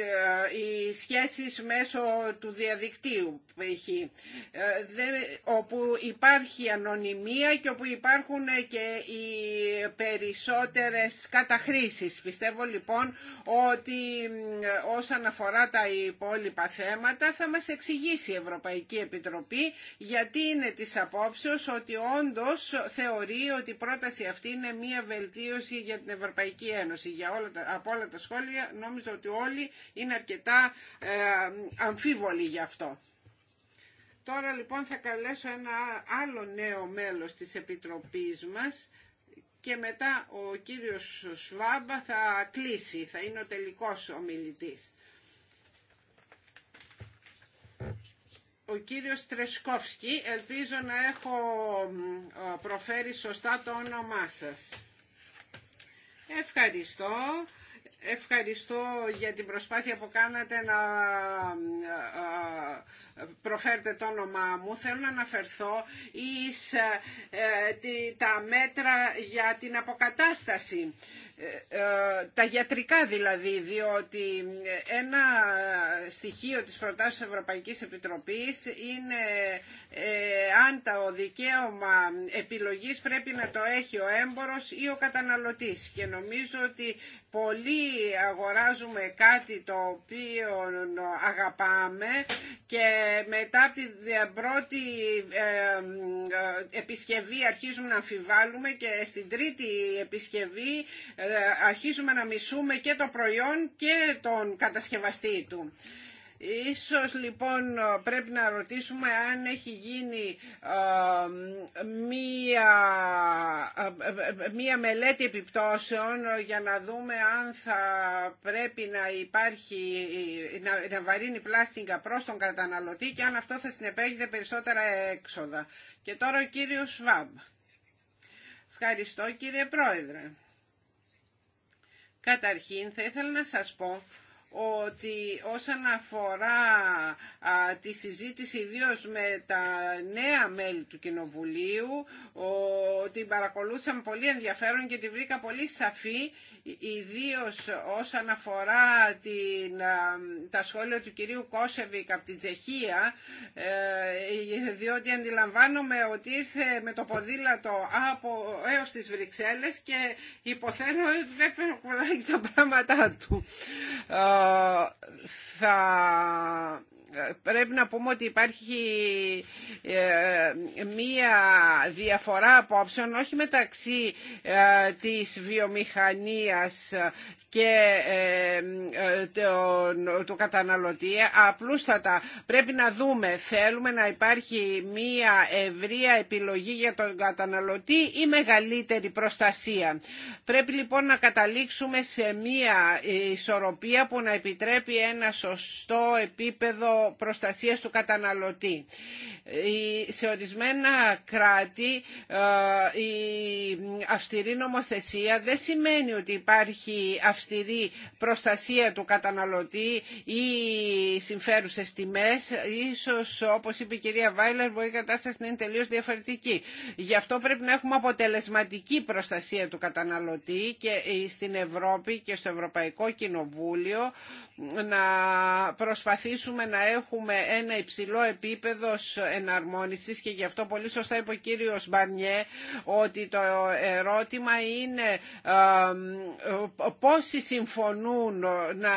ε, οι σχέσεις μέσω του διαδικτύου που έχει, ε, όπου υπάρχει ανωνυμία και όπου υπάρχουν ε, και οι περισσότερες καταχρήσεις. Πιστεύω λοιπόν ότι όσον αφορά τα υπόλοιπα θέματα θα μας εξηγήσει η Ευρωπαϊκή Επιτροπή γιατί είναι της απόψεως ότι όντως θεωρεί ότι η πρόταση αυτή είναι μία βελτίωση για την Ευρωπαϊκή Ένωση για όλα τα, από όλα τα σχόλια. Νόμιζα ότι όλοι είναι αρκετά ε, αμφίβολοι γι' αυτό. Τώρα λοιπόν θα καλέσω ένα άλλο νέο μέλος της Επιτροπής μας και μετά ο κύριος Σβάμπα θα κλείσει, θα είναι ο τελικός ομιλητής. ο κύριος Τρεσκόφσκι. Ελπίζω να έχω προφέρει σωστά το όνομά σας. Ευχαριστώ. Ευχαριστώ για την προσπάθεια που κάνατε να ε, ε, προφέρετε το όνομά μου. Θέλω να αναφερθώ εις ε, τα μέτρα για την αποκατάσταση. Ε, ε, τα γιατρικά δηλαδή, διότι ένα στοιχείο της προτάσεως Ευρωπαϊκής Επιτροπής είναι ε, αν το δικαίωμα επιλογής πρέπει να το έχει ο έμπορος ή ο καταναλωτής και νομίζω ότι πολλοί αγοράζουμε κάτι το οποίο αγαπάμε και μετά από την πρώτη επισκευή αρχίζουμε να αμφιβάλλουμε και στην τρίτη επισκευή ε, αρχίζουμε να μισούμε και το προϊόν και τον κατασκευαστή του. Ίσως λοιπόν πρέπει να ρωτήσουμε αν έχει γίνει μία, μία μελέτη επιπτώσεων για να δούμε αν θα πρέπει να υπάρχει, να, να βαρύνει πλάστιγκα προς τον καταναλωτή και αν αυτό θα συνεπέχεται περισσότερα έξοδα. Και τώρα ο κύριος Σβάμπ. Ευχαριστώ κύριε Πρόεδρε. Καταρχήν θα ήθελα να σας πω ότι όσον αφορά τη συζήτηση ιδίω με τα νέα μέλη του Κοινοβουλίου ο, την παρακολούσαμε πολύ ενδιαφέρον και τη βρήκα πολύ σαφή ιδίω όσον αφορά την, τα σχόλια του κυρίου Κόσεβικ από την Τσεχία ε, διότι αντιλαμβάνομαι ότι ήρθε με το ποδήλατο από, έως τις Βρυξέλλες και υποθέτω ότι δεν τα πράγματα του θα πρέπει να πούμε ότι υπάρχει ε, μία διαφορά απόψεων όχι μεταξύ ε, της βιομηχανίας και ε, του καταναλωτή απλούστατα πρέπει να δούμε θέλουμε να υπάρχει μία ευρεία επιλογή για τον καταναλωτή ή μεγαλύτερη προστασία. Πρέπει λοιπόν να καταλήξουμε σε μία ισορροπία που να επιτρέπει ένα σωστό επίπεδο προστασίας του καταναλωτή. Σε ορισμένα κράτη ε, η αυστηρή νομοθεσία δεν σημαίνει ότι υπάρχει αυστηρή προστασία του καταναλωτή ή συμφέρουσες τιμές. Ίσως όπως είπε η κυρία Βάιλερ μπορεί η κατάσταση να είναι τελείως διαφορετική. Γι' αυτό πρέπει να έχουμε αποτελεσματική προστασία του καταναλωτή και ε, στην Ευρώπη και στο Ευρωπαϊκό Κοινοβούλιο να προσπαθήσουμε να έχουμε ένα υψηλό επίπεδο εναρμόνισης και γι' αυτό πολύ σωστά είπε ο κύριος Μπαρνιέ ότι το ερώτημα είναι πόσοι συμφωνούν να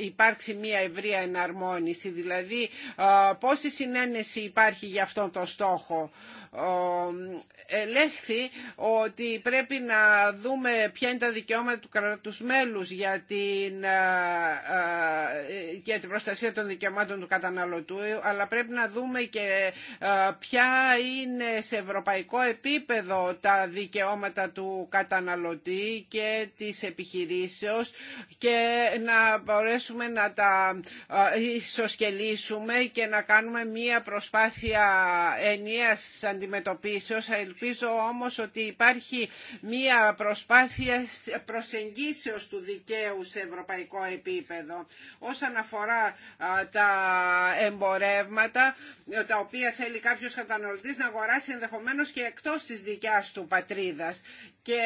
υπάρξει μια ευρεία εναρμόνιση δηλαδή πόση συνένεση υπάρχει για αυτόν τον στόχο ελέγχθη ότι πρέπει να δούμε ποια είναι τα δικαιώματα του κρατούς μέλους για την, ε, ε, για την προστασία των δικαιωμάτων του καταναλωτού αλλά πρέπει να δούμε και ε, ποια είναι σε ευρωπαϊκό επίπεδο τα δικαιώματα του καταναλωτή και της επιχειρήσεως και να μπορέσουμε να τα ισοσκελίσουμε και να κάνουμε μία προσπάθεια ενίας αντιμετωπίσης Ελπίζω όμως ότι υπάρχει μία προσπάθεια προσεγγίσεως του δικαίου σε ευρωπαϊκό επίπεδο. Όσον αφορά τα εμπορεύματα, τα οποία θέλει κάποιος κατανοητής να αγοράσει ενδεχομένως και εκτός της δικιάς του πατρίδας και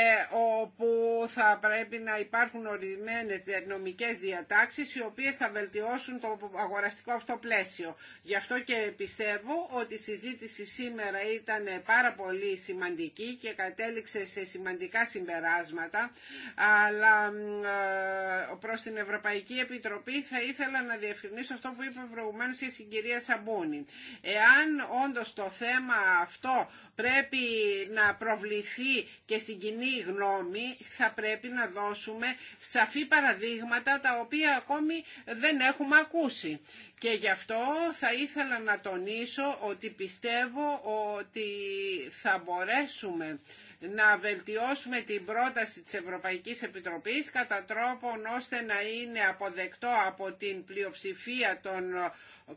όπου θα πρέπει να υπάρχουν ορισμένες νομικές διατάξεις οι οποίες θα βελτιώσουν το αγοραστικό αυτό πλαίσιο. Γι' αυτό και πιστεύω ότι η συζήτηση σήμερα ήταν πάρα πολύ σημαντική και κατέληξε σε σημαντικά συμπεράσματα αλλά ε, προς την Ευρωπαϊκή Επιτροπή θα ήθελα να διευκρινίσω αυτό που είπε προηγουμένως η κυρία Σαμπούνη. Εάν όντως το θέμα αυτό πρέπει να προβληθεί και στην κοινή γνώμη θα πρέπει να δώσουμε σαφή παραδείγματα τα οποία ακόμη δεν έχουμε ακούσει. Και γι' αυτό θα ήθελα να τονίσω ότι πιστεύω ότι θα μπορέσουμε να βελτιώσουμε την πρόταση της Ευρωπαϊκής Επιτροπής κατά τρόπον ώστε να είναι αποδεκτό από την πλειοψηφία των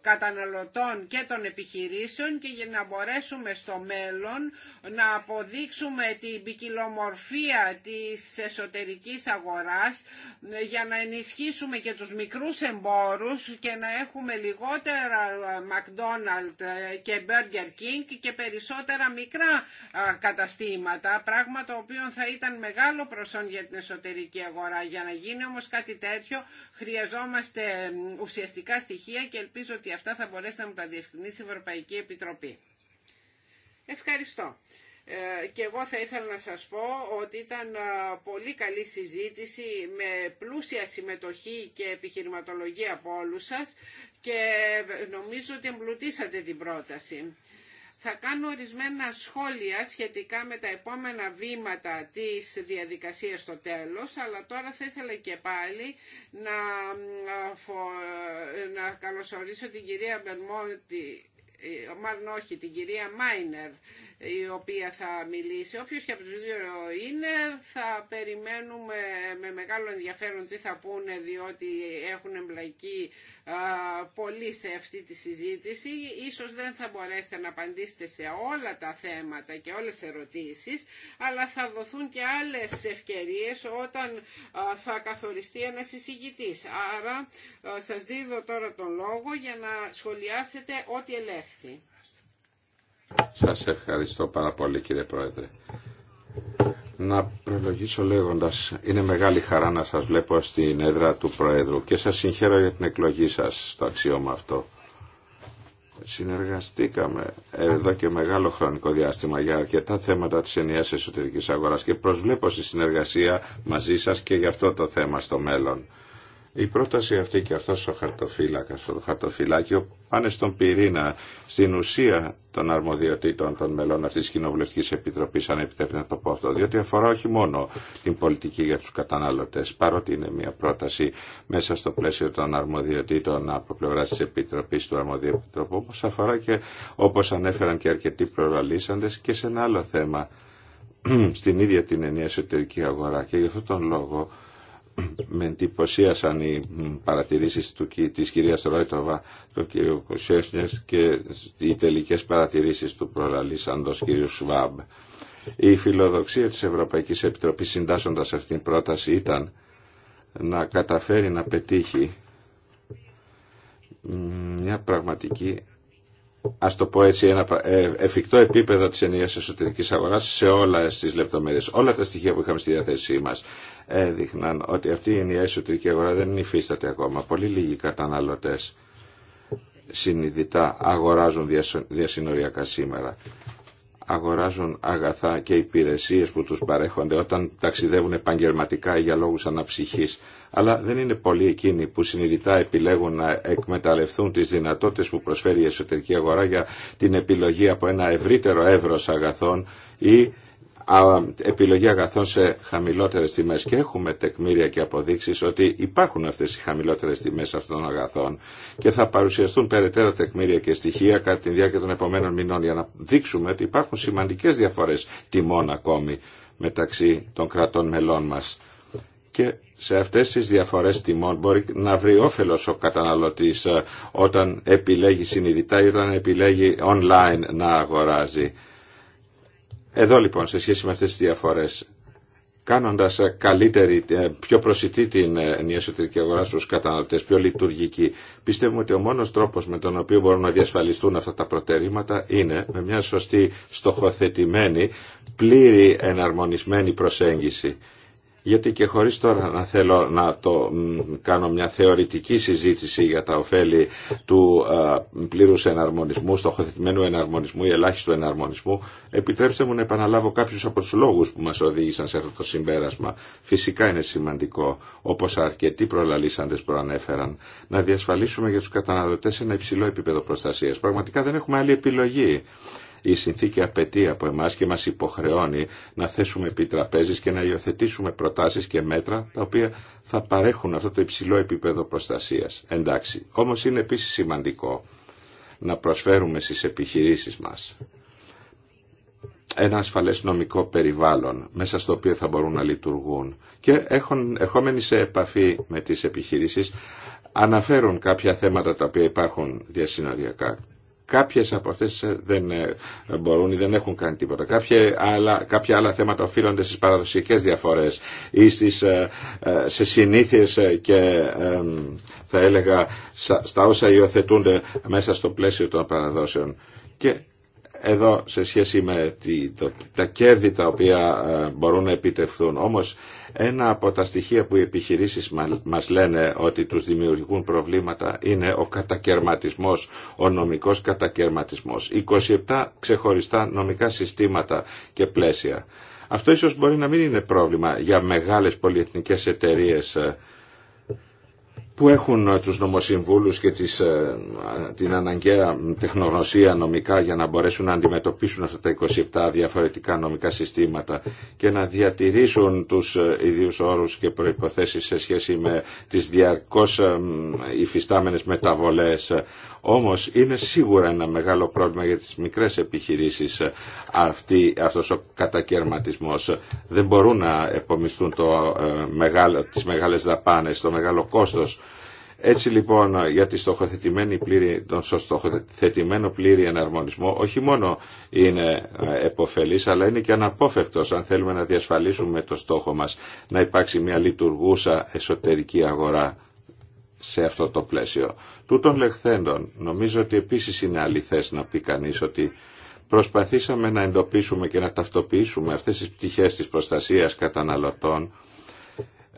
καταναλωτών και των επιχειρήσεων και για να μπορέσουμε στο μέλλον να αποδείξουμε την ποικιλομορφία της εσωτερικής αγοράς ε, για να ενισχύσουμε και τους μικρούς εμπόρους και να έχουμε λιγότερα ε, McDonald's ε, και Burger King και περισσότερα μικρά καταστήματα, πράγμα το οποίο θα ήταν μεγάλο προσόν για την εσωτερική αγορά. Για να γίνει όμως κάτι τέτοιο χρειαζόμαστε ουσιαστικά στοιχεία και ελπίζω ότι αυτά θα μπορέσει να μου τα διευκρινίσει η Ευρωπαϊκή Επιτροπή. Ευχαριστώ. Ε, και εγώ θα ήθελα να σας πω ότι ήταν ε, πολύ καλή συζήτηση με πλούσια συμμετοχή και επιχειρηματολογία από όλους σας και ε, νομίζω ότι εμπλουτίσατε την πρόταση. Θα κάνω ορισμένα σχόλια σχετικά με τα επόμενα βήματα της διαδικασίας στο τέλος, αλλά τώρα θα ήθελα και πάλι να, να καλωσορίσω την κυρία Μπερμόντι, ε, μάλλον όχι, την κυρία Μάινερ, η οποία θα μιλήσει. Όποιο και από του δύο είναι θα περιμένουμε με μεγάλο ενδιαφέρον τι θα πούνε διότι έχουν εμπλακεί πολύ σε αυτή τη συζήτηση. Ίσως δεν θα μπορέσετε να απαντήσετε σε όλα τα θέματα και όλες τις ερωτήσεις αλλά θα δοθούν και άλλες ευκαιρίες όταν θα καθοριστεί ένα συζητητή. Άρα σας δίδω τώρα τον λόγο για να σχολιάσετε ό,τι ελέγχθη. Σας ευχαριστώ πάρα πολύ κύριε Πρόεδρε. Να προλογίσω λέγοντας, είναι μεγάλη χαρά να σας βλέπω στην έδρα του Προέδρου και σας συγχαίρω για την εκλογή σας στο αξίωμα αυτό. Συνεργαστήκαμε εδώ και μεγάλο χρονικό διάστημα για αρκετά θέματα της ενιαίας εσωτερικής αγοράς και προσβλέπω στη συνεργασία μαζί σας και για αυτό το θέμα στο μέλλον. Η πρόταση αυτή και αυτό ο χαρτοφύλακα το χαρτοφυλάκιο πάνε στον πυρήνα, στην ουσία των αρμοδιοτήτων των μελών αυτής τη κοινοβουλευτική Επιτροπής, αν επιτρέπετε να το πω αυτό, διότι αφορά όχι μόνο την πολιτική για του καταναλωτέ, παρότι είναι μια πρόταση μέσα στο πλαίσιο των αρμοδιοτήτων από πλευρά τη Επίτροπή του Αρμοδίου Επιτροπού, όπως αφορά και, όπω ανέφεραν και αρκετοί προλαλήσαντε, και σε ένα άλλο θέμα, <clears throat> στην ίδια την ενιαία εσωτερική αγορά. Και γι' αυτόν τον λόγο με εντυπωσίασαν οι παρατηρήσεις του, της κυρίας Ρόιτροβα, του κυρίου Κουσέφνιες και οι τελικές παρατηρήσεις του προλαλήσαντος κυρίου Σβάμπ. Η φιλοδοξία της Ευρωπαϊκής Επιτροπής συντάσσοντας αυτήν την πρόταση ήταν να καταφέρει να πετύχει μια πραγματική ας το πω έτσι, ένα ε, εφικτό επίπεδο της ενιαίας εσωτερικής αγορά σε όλα τις λεπτομέρειες. Όλα τα στοιχεία που είχαμε στη διαθέσή μας έδειχναν ότι αυτή η ενιαία εσωτερική αγορά δεν υφίσταται ακόμα. Πολύ λίγοι καταναλωτές συνειδητά αγοράζουν διασυνοριακά σήμερα. Αγοράζουν αγαθά και υπηρεσίες που τους παρέχονται όταν ταξιδεύουν επαγγελματικά ή για λόγους αναψυχής. Αλλά δεν είναι πολλοί εκείνοι που συνειδητά επιλέγουν να εκμεταλλευτούν τις δυνατότητες που προσφέρει η εσωτερική αγορά για την επιλογή από ένα ευρύτερο εύρος αγαθών ή επιλογή αγαθών σε χαμηλότερες τιμές και έχουμε τεκμήρια και αποδείξεις ότι υπάρχουν αυτές οι χαμηλότερες τιμές αυτών των αγαθών και θα παρουσιαστούν περαιτέρω τεκμήρια και στοιχεία κατά τη διάρκεια των επόμενων μηνών για να δείξουμε ότι υπάρχουν σημαντικές διαφορές τιμών ακόμη μεταξύ των κρατών μελών μας και σε αυτές τις διαφορές τιμών μπορεί να βρει όφελο ο καταναλωτής ε, όταν επιλέγει συνειδητά ή όταν επιλέγει online να αγοράζει. Εδώ λοιπόν σε σχέση με αυτές τις διαφορές κάνοντας καλύτερη, ε, πιο προσιτή την ε, εσωτερική αγορά στους καταναλωτές, πιο λειτουργική. Πιστεύουμε ότι ο μόνος τρόπος με τον οποίο μπορούν να διασφαλιστούν αυτά τα προτερήματα είναι με μια σωστή στοχοθετημένη, πλήρη εναρμονισμένη προσέγγιση γιατί και χωρίς τώρα να θέλω να το κάνω μια θεωρητική συζήτηση για τα ωφέλη του πλήρους εναρμονισμού, στοχοθετημένου εναρμονισμού ή ελάχιστου εναρμονισμού, επιτρέψτε μου να επαναλάβω κάποιους από τους λόγους που μας οδήγησαν σε αυτό το συμπέρασμα. Φυσικά είναι σημαντικό, όπως αρκετοί προλαλήσαντες προανέφεραν, να διασφαλίσουμε για τους καταναλωτές ένα υψηλό επίπεδο προστασίας. Πραγματικά δεν έχουμε άλλη επιλογή η συνθήκη απαιτεί από εμά και μας υποχρεώνει να θέσουμε επιτραπέζει και να υιοθετήσουμε προτάσεις και μέτρα τα οποία θα παρέχουν αυτό το υψηλό επίπεδο προστασίας. Εντάξει, Όμω είναι επίση σημαντικό να προσφέρουμε στι επιχειρήσει μας ένα ασφαλές νομικό περιβάλλον μέσα στο οποίο θα μπορούν να λειτουργούν και έχουν, ερχόμενοι σε επαφή με τις επιχειρήσεις αναφέρουν κάποια θέματα τα οποία υπάρχουν διασυνοριακά Κάποιες από αυτές ε, δεν ε, μπορούν ή δεν έχουν κάνει τίποτα. Κάποια άλλα, κάποια άλλα θέματα οφείλονται στις παραδοσιακές διαφορές ή στις, ε, σε συνήθειες και θα έλεγα στα όσα υιοθετούνται μέσα στο πλαίσιο των παραδόσεων. Και εδώ σε σχέση με τα κέρδη τα οποία ε, μπορούν να επιτευχθούν. Όμως ένα από τα στοιχεία που οι επιχειρήσεις μας λένε ότι τους δημιουργούν προβλήματα είναι ο κατακαιρματισμός, ο νομικός κατακαιρματισμός. 27 ξεχωριστά νομικά συστήματα και πλαίσια. Αυτό ίσως μπορεί να μην είναι πρόβλημα για μεγάλες πολυεθνικές εταιρείες ε, που έχουν ε, τους νομοσυμβούλους και τις, ε, την αναγκαία τεχνογνωσία νομικά για να μπορέσουν να αντιμετωπίσουν αυτά τα 27 διαφορετικά νομικά συστήματα και να διατηρήσουν τους ε, ιδίους όρους και προϋποθέσεις σε σχέση με τις διαρκώς υφιστάμενες μεταβολές όμως είναι σίγουρα ένα μεγάλο πρόβλημα για τις μικρές επιχειρήσεις ε, αυτή, αυτός ο κατακαιρματισμός. Δεν μπορούν να επομιστούν το, ε, μεγάλο, τις μεγάλες δαπάνες, το μεγάλο κόστος. Έτσι λοιπόν για τη στοχοθετημένη πλήρη, τον στοχοθετημένο πλήρη εναρμονισμό όχι μόνο είναι ε, εποφελής αλλά είναι και αναπόφευκτος αν θέλουμε να διασφαλίσουμε το στόχο μας να υπάρξει μια λειτουργούσα εσωτερική αγορά σε αυτό το πλαίσιο. Τούτων λεχθέντων, νομίζω ότι επίσης είναι αληθές να πει κανείς ότι προσπαθήσαμε να εντοπίσουμε και να ταυτοποιήσουμε αυτές τις πτυχές της προστασίας καταναλωτών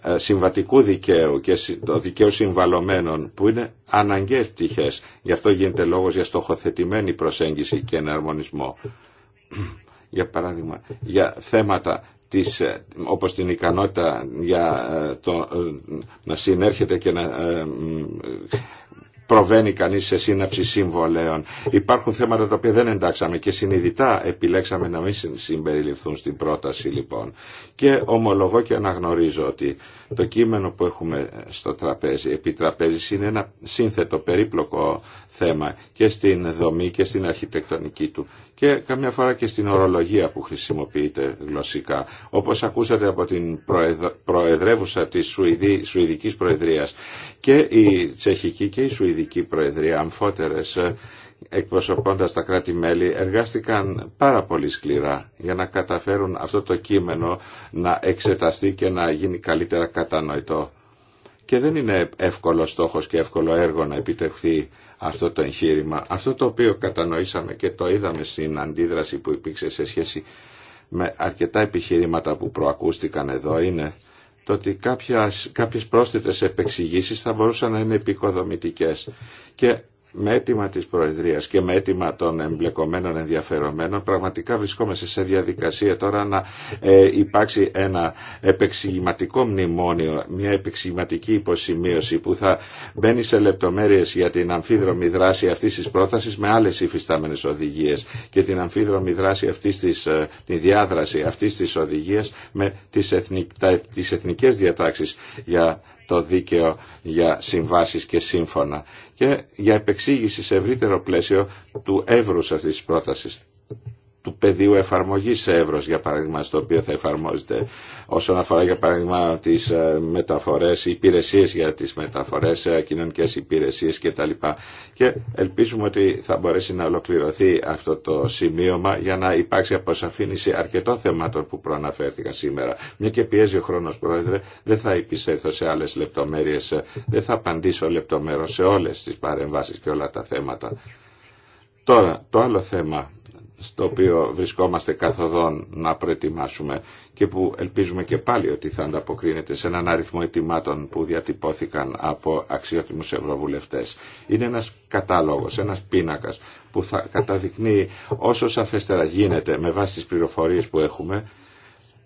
ε, συμβατικού δικαίου και το δικαίου συμβαλωμένων που είναι αναγκαίες πτυχές. Γι' αυτό γίνεται λόγος για στοχοθετημένη προσέγγιση και εναρμονισμό. <clears throat> Για παράδειγμα, για θέματα της, ε, όπως την ικανότητα για ε, το, ε, να συνέρχεται και να προβαίνει κανείς σε σύναψη συμβολέων. Υπάρχουν θέματα τα οποία δεν εντάξαμε και συνειδητά επιλέξαμε να μην συμπεριληφθούν στην πρόταση λοιπόν. Και ομολογώ και αναγνωρίζω ότι το κείμενο που έχουμε στο τραπέζι, επί τραπέζι, είναι ένα σύνθετο περίπλοκο θέμα και στην δομή και στην αρχιτεκτονική του και καμιά φορά και στην ορολογία που χρησιμοποιείται γλωσσικά. Όπως ακούσατε από την προεδρεύουσα της Σουηδική Σουηδικής Προεδρίας και η Τσεχική και η Σουηδική Προεδρία αμφότερες ε, εκπροσωπώντας τα κράτη-μέλη εργάστηκαν πάρα πολύ σκληρά για να καταφέρουν αυτό το κείμενο να εξεταστεί και να γίνει καλύτερα κατανοητό. Και δεν είναι εύκολο στόχος και εύκολο έργο να επιτευχθεί αυτό το εγχείρημα. Αυτό το οποίο κατανοήσαμε και το είδαμε στην αντίδραση που υπήρξε σε σχέση με αρκετά επιχειρήματα που προακούστηκαν εδώ είναι το ότι κάποιες, κάποιες πρόσθετες επεξηγήσεις θα μπορούσαν να είναι επικοδομητικές. Και με αίτημα της Προεδρίας και με αίτημα των εμπλεκομένων ενδιαφερομένων πραγματικά βρισκόμαστε σε διαδικασία τώρα να ε, υπάρξει ένα επεξηγηματικό μνημόνιο, μια επεξηγηματική υποσημείωση που θα μπαίνει σε λεπτομέρειες για την αμφίδρομη δράση αυτής της πρότασης με άλλες υφιστάμενες οδηγίες και την αμφίδρομη δράση αυτής της, ε, τη διάδραση αυτής της οδηγίας με τις, εθνικ, τα, τις εθνικές διατάξεις για το δίκαιο για συμβάσεις και σύμφωνα και για επεξήγηση σε ευρύτερο πλαίσιο του εύρους αυτής της πρότασης του πεδίου εφαρμογή σε εύρος, για παράδειγμα, στο οποίο θα εφαρμόζεται όσον αφορά, για παράδειγμα, τις ε, μεταφορές, υπηρεσίε για τι μεταφορέ, ε, κοινωνικέ υπηρεσίε κτλ. Και ελπίζουμε ότι θα μπορέσει να ολοκληρωθεί αυτό το σημείωμα για να υπάρξει αποσαφήνιση αρκετών θεμάτων που προαναφέρθηκαν σήμερα. Μια και πιέζει ο χρόνο, Πρόεδρε, δεν θα επισέλθω σε άλλε λεπτομέρειε, ε, δεν θα απαντήσω λεπτομέρω σε όλε τι παρεμβάσει και όλα τα θέματα. Τώρα, το άλλο θέμα στο οποίο βρισκόμαστε καθοδόν να προετοιμάσουμε και που ελπίζουμε και πάλι ότι θα ανταποκρίνεται σε έναν αριθμό ετοιμάτων που διατυπώθηκαν από αξιότιμους ευρωβουλευτές. Είναι ένας κατάλογος, ένας πίνακας που θα καταδεικνύει όσο σαφέστερα γίνεται με βάση τις πληροφορίες που έχουμε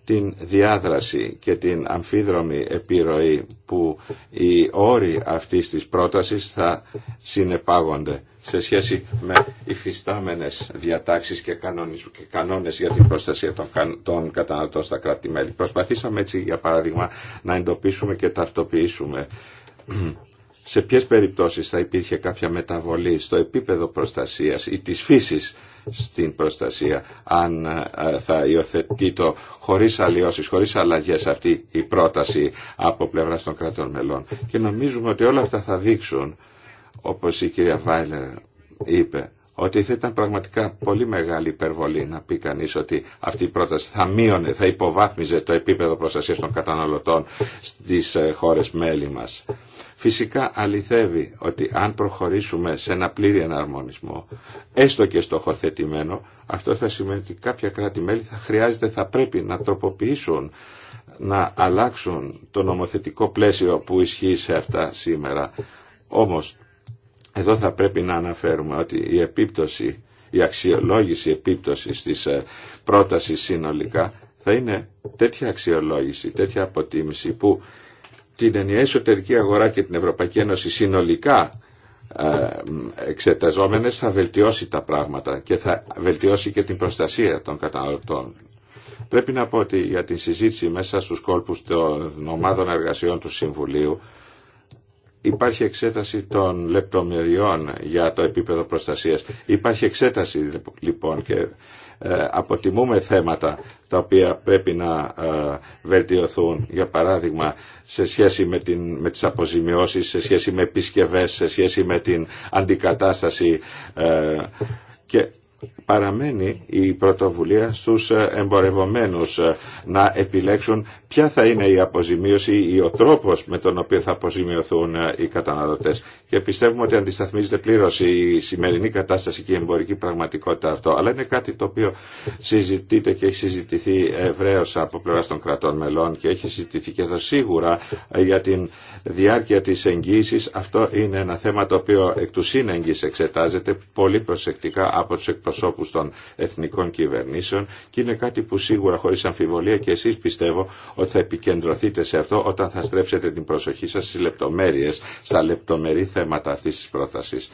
την διάδραση και την αμφίδρομη επιρροή που οι όροι αυτής της πρότασης θα συνεπάγονται σε σχέση με υφιστάμενες διατάξεις και, κανόνες, και κανόνες για την προστασία των, των καταναλωτών στα κράτη-μέλη. Προσπαθήσαμε έτσι, για παράδειγμα, να εντοπίσουμε και ταυτοποιήσουμε <clears throat> σε ποιες περιπτώσεις θα υπήρχε κάποια μεταβολή στο επίπεδο προστασίας ή της φύσης στην προστασία αν ε, θα υιοθετεί το χωρίς αλλοιώσεις, χωρίς αλλαγές αυτή η πρόταση από πλευρά των κρατών μελών. Και νομίζουμε ότι όλα αυτά θα δείξουν, όπως η κυρία Βάιλερ είπε, ότι θα ήταν πραγματικά πολύ μεγάλη υπερβολή να πει κανεί ότι αυτή η πρόταση θα μείωνε, θα υποβάθμιζε το επίπεδο προστασία των καταναλωτών στι ε, χώρε μέλη μα. Φυσικά αληθεύει ότι αν προχωρήσουμε σε ένα πλήρη εναρμονισμό, έστω και στοχοθετημένο, αυτό θα σημαίνει ότι κάποια κράτη-μέλη θα χρειάζεται, θα πρέπει να τροποποιήσουν να αλλάξουν το νομοθετικό πλαίσιο που ισχύει σε αυτά σήμερα. Όμως εδώ θα πρέπει να αναφέρουμε ότι η επίπτωση, η αξιολόγηση επίπτωσης της ε, πρόταση συνολικά θα είναι τέτοια αξιολόγηση, τέτοια αποτίμηση που την ενιαία εσωτερική αγορά και την Ευρωπαϊκή Ένωση συνολικά ε, εξεταζόμενες θα βελτιώσει τα πράγματα και θα βελτιώσει και την προστασία των καταναλωτών. Πρέπει να πω ότι για την συζήτηση μέσα στους κόλπους των ομάδων εργασιών του Συμβουλίου υπάρχει εξέταση των λεπτομεριών για το επίπεδο προστασίας. Υπάρχει εξέταση λοιπόν και ε, αποτιμούμε θέματα τα οποία πρέπει να ε, βελτιωθούν για παράδειγμα σε σχέση με, την, με τις αποζημιώσεις, σε σχέση με επισκευές, σε σχέση με την αντικατάσταση ε, και παραμένει η πρωτοβουλία στους ε, εμπορευομένους ε, να επιλέξουν ποια θα είναι η αποζημίωση ή ο τρόπος με τον οποίο θα αποζημιωθούν ε, οι καταναλωτές. Και πιστεύουμε ότι αντισταθμίζεται πλήρως η σημερινή κατάσταση και η εμπορική πραγματικότητα αυτό. Αλλά είναι κάτι το οποίο συζητείται και έχει συζητηθεί ευρέω από πλευρά των κρατών μελών και έχει συζητηθεί και εδώ σίγουρα για την διάρκεια της εγγύησης. Αυτό είναι ένα θέμα το οποίο εκ του εξετάζεται πολύ προσεκτικά από τους εκπροσώπους εκπροσώπου των εθνικών κυβερνήσεων και είναι κάτι που σίγουρα χωρίς αμφιβολία και εσείς πιστεύω ότι θα επικεντρωθείτε σε αυτό όταν θα στρέψετε την προσοχή σας στις λεπτομέρειες, στα λεπτομερή θέματα αυτής της πρότασης.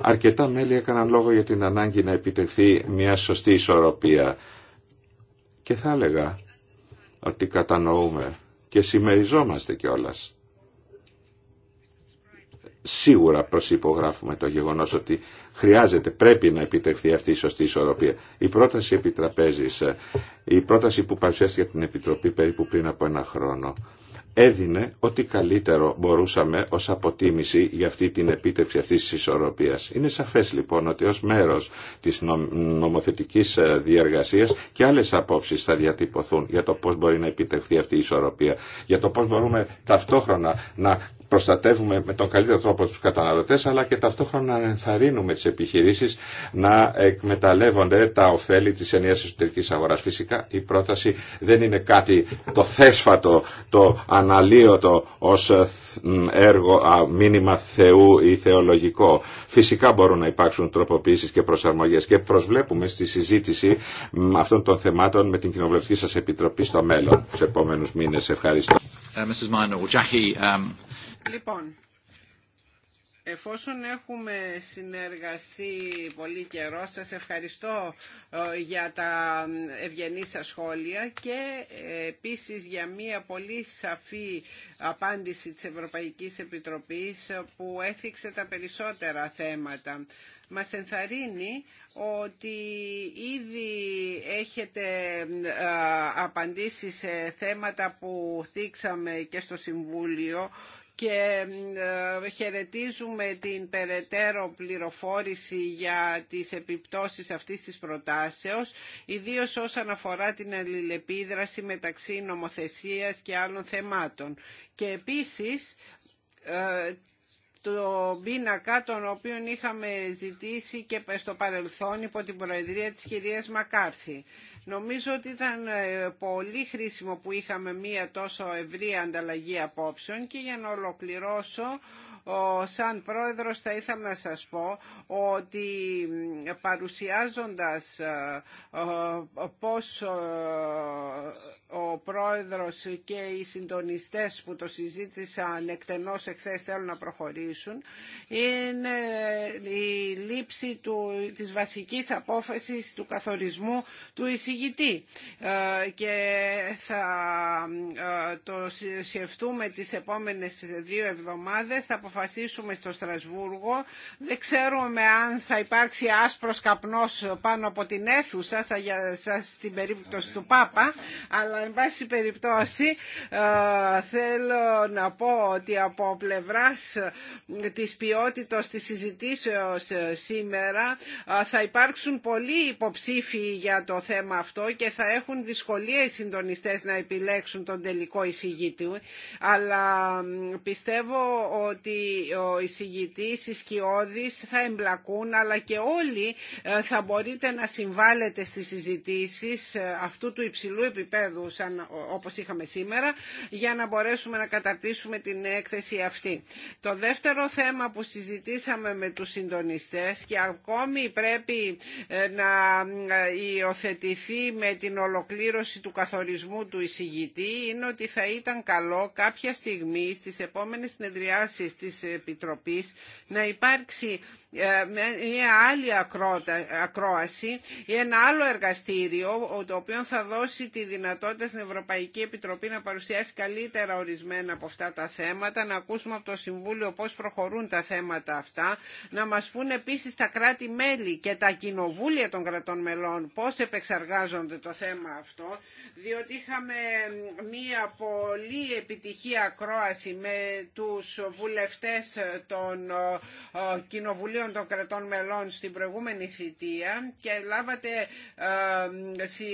Αρκετά μέλη έκαναν λόγο για την ανάγκη να επιτευχθεί μια σωστή ισορροπία και θα έλεγα ότι κατανοούμε και συμμεριζόμαστε κιόλα. σίγουρα προσυπογράφουμε το γεγονός ότι Χρειάζεται, πρέπει να επιτευχθεί αυτή η σωστή ισορροπία. Η πρόταση επιτραπέζη, ε, η πρόταση που παρουσιάστηκε την Επιτροπή περίπου πριν από ένα χρόνο, έδινε ό,τι καλύτερο μπορούσαμε ως αποτίμηση για αυτή την επίτευξη αυτής της ισορροπίας. Είναι σαφές λοιπόν ότι ως μέρος της νομοθετικής ε, διεργασίας και άλλες απόψεις θα διατυπωθούν για το πώς μπορεί να επιτευχθεί αυτή η ισορροπία, για το πώς μπορούμε ταυτόχρονα να προστατεύουμε με τον καλύτερο τρόπο τους καταναλωτές αλλά και ταυτόχρονα να ενθαρρύνουμε τις επιχειρήσεις να εκμεταλλεύονται τα ωφέλη της ενιαίας εσωτερικής αγοράς. Φυσικά η πρόταση δεν είναι κάτι το θέσφατο, το αναλύωτο ως ε, έργο, α, μήνυμα θεού ή θεολογικό. Φυσικά μπορούν να υπάρξουν τροποποιήσεις και προσαρμογές και προσβλέπουμε στη συζήτηση αυτών των θεμάτων με την Κοινοβουλευτική σας Επιτροπή στο μέλλον, στους επόμενους μήνες. Ευχαριστώ. Ε, Mrs. Minor, Jackie, um, Λοιπόν, εφόσον έχουμε συνεργαστεί πολύ καιρό, σας ευχαριστώ ε, για τα ευγενή σας σχόλια και ε, επίσης για μια πολύ σαφή απάντηση της Ευρωπαϊκής Επιτροπής ε, που έθιξε τα περισσότερα θέματα. Μας ενθαρρύνει ότι ήδη έχετε απαντήσει σε θέματα που θίξαμε και στο Συμβούλιο και ε, χαιρετίζουμε την περαιτέρω πληροφόρηση για τις επιπτώσεις αυτής της προτάσεως, ιδίως όσον αφορά την αλληλεπίδραση μεταξύ νομοθεσίας και άλλων θεμάτων. Και επίσης ε, το πίνακα τον οποίο είχαμε ζητήσει και στο παρελθόν υπό την Προεδρία της κυρίας Μακάρθη. Νομίζω ότι ήταν ε, πολύ χρήσιμο που είχαμε μία τόσο ευρία ανταλλαγή απόψεων και για να ολοκληρώσω σαν πρόεδρος θα ήθελα να σας πω ότι παρουσιάζοντας ε, ε, πώς ο πρόεδρος και οι συντονιστές που το συζήτησαν εκτενώς εχθές θέλουν να προχωρήσουν είναι η λήψη του, της βασικής απόφασης του καθορισμού του εισηγητή ε, και θα ε, το σκεφτούμε τις επόμενες δύο εβδομάδες θα αποφασίσουμε στο Στρασβούργο δεν ξέρουμε αν θα υπάρξει άσπρος καπνός πάνω από την αίθουσα σας στην περίπτωση του Πάπα αλλά εν πάση περιπτώσει, ε, θέλω να πω ότι από πλευράς της ποιότητας της συζητήσεως ε, σήμερα ε, θα υπάρξουν πολλοί υποψήφοι για το θέμα αυτό και θα έχουν δυσκολία οι συντονιστές να επιλέξουν τον τελικό εισηγήτη. Αλλά πιστεύω ότι ο εισηγητής, οι σκιώδεις θα εμπλακούν αλλά και όλοι θα μπορείτε να συμβάλλετε στις συζητήσεις αυτού του υψηλού επίπεδου σαν, όπως είχαμε σήμερα για να μπορέσουμε να καταρτήσουμε την έκθεση αυτή. Το δεύτερο θέμα που συζητήσαμε με τους συντονιστές και ακόμη πρέπει ε, να ε, υιοθετηθεί με την ολοκλήρωση του καθορισμού του εισηγητή είναι ότι θα ήταν καλό κάποια στιγμή στις επόμενες συνεδριάσεις της Επιτροπής να υπάρξει ε, μια άλλη ακρόαση ή ένα άλλο εργαστήριο το οποίο θα δώσει τη δυνατότητα στην Ευρωπαϊκή Επιτροπή να παρουσιάσει καλύτερα ορισμένα από αυτά τα θέματα, να ακούσουμε από το Συμβούλιο πώς προχωρούν τα θέματα αυτά, να μας πούν επίσης τα κράτη-μέλη και τα κοινοβούλια των κρατών μελών πώς επεξεργάζονται το θέμα αυτό, διότι είχαμε μία πολύ επιτυχή ακρόαση με τους βουλευτές των ε, ε, κοινοβουλίων των Κρατών Μελών στην προηγούμενη θητεία και λάβατε ε,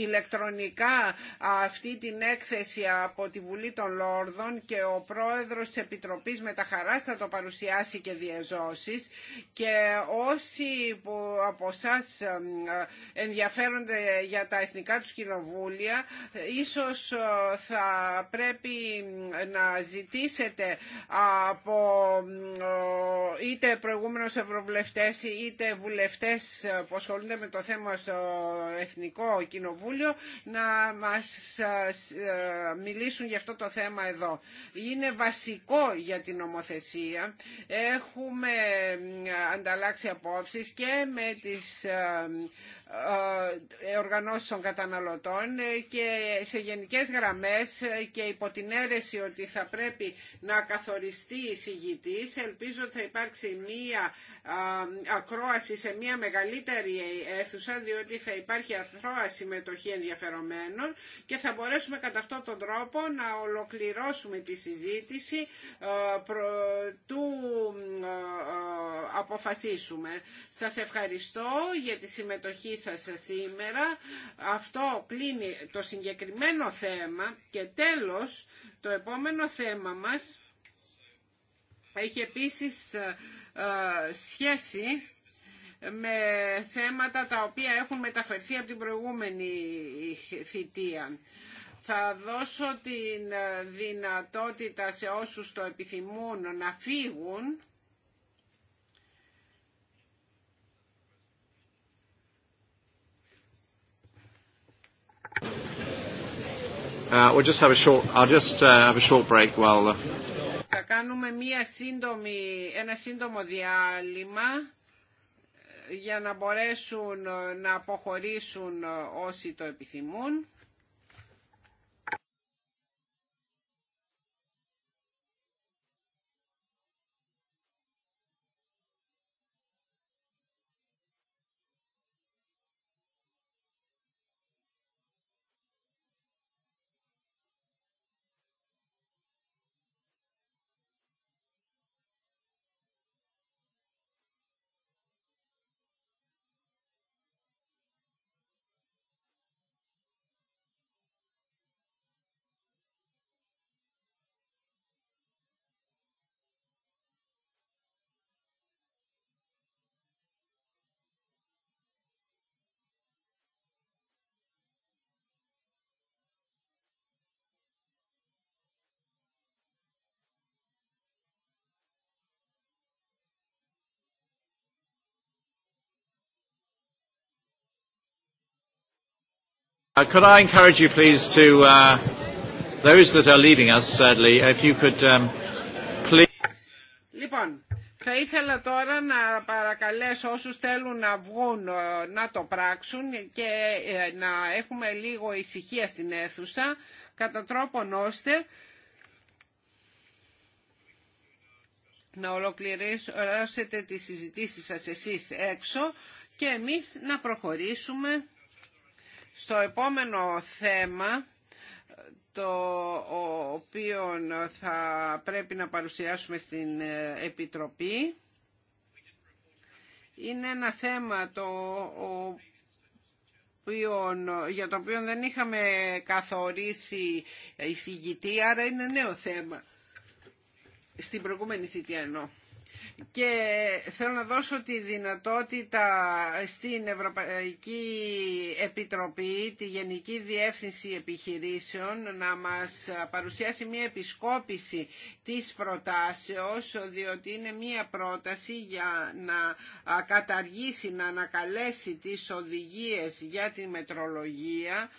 ηλεκτρονικά αυτή την έκθεση από τη Βουλή των Λόρδων και ο πρόεδρος της Επιτροπής με τα χαρά θα το παρουσιάσει και διεζώσεις και όσοι που από εσά ενδιαφέρονται για τα εθνικά τους κοινοβούλια ίσως ε, θα πρέπει να ζητήσετε από ε, είτε προηγούμενο προηγούμενους ευρωβουλευτές είτε βουλευτές ε, που ασχολούνται με το θέμα στο Εθνικό Κοινοβούλιο να μας ε, ε, μιλήσουν για αυτό το θέμα εδώ. Είναι βασικό για την νομοθεσία. Έχουμε ανταλλάξει απόψεις και με τις οργανώσεις των καταναλωτών και σε γενικές γραμμές και υπό την αίρεση ότι θα πρέπει να καθοριστεί η συγητής. Ελπίζω ότι θα υπάρξει μία ακρόαση σε μία μεγαλύτερη αίθουσα διότι θα υπάρχει αθρώα συμμετοχή ενδιαφερομένων και θα μπορέσουμε κατά αυτόν τον τρόπο να ολοκληρώσουμε τη συζήτηση του αποφασίσουμε. Σας ευχαριστώ για τη συμμετοχή σας σήμερα. Αυτό κλείνει το συγκεκριμένο θέμα και τέλος το επόμενο θέμα μας έχει επίσης ε, σχέση με θέματα τα οποία έχουν μεταφερθεί από την προηγούμενη θητεία. Θα δώσω την ε, δυνατότητα σε όσους το επιθυμούν να φύγουν. Uh, we'll just have κάνουμε μία σύντομη, ένα σύντομο διάλειμμα ε, για να μπορέσουν ε, να αποχωρήσουν ε, όσοι το επιθυμούν. Could Λοιπόν, θα ήθελα τώρα να παρακαλέσω όσους θέλουν να βγουν ε, να το πράξουν και ε, να έχουμε λίγο ησυχία στην αίθουσα, κατά τρόπον ώστε να ολοκληρώσετε τις συζητήσεις σας εσείς έξω και εμείς να προχωρήσουμε στο επόμενο θέμα το οποίο θα πρέπει να παρουσιάσουμε στην ε, Επιτροπή είναι ένα θέμα το οποίο, για το οποίο δεν είχαμε καθορίσει εισηγητή, άρα είναι νέο θέμα στην προηγούμενη θητεία εννοώ και θέλω να δώσω τη δυνατότητα στην Ευρωπαϊκή Επιτροπή, τη Γενική Διεύθυνση Επιχειρήσεων, να μας παρουσιάσει μια επισκόπηση της προτάσεως, διότι είναι μια πρόταση για να καταργήσει, να ανακαλέσει τις οδηγίες για τη μετρολογία,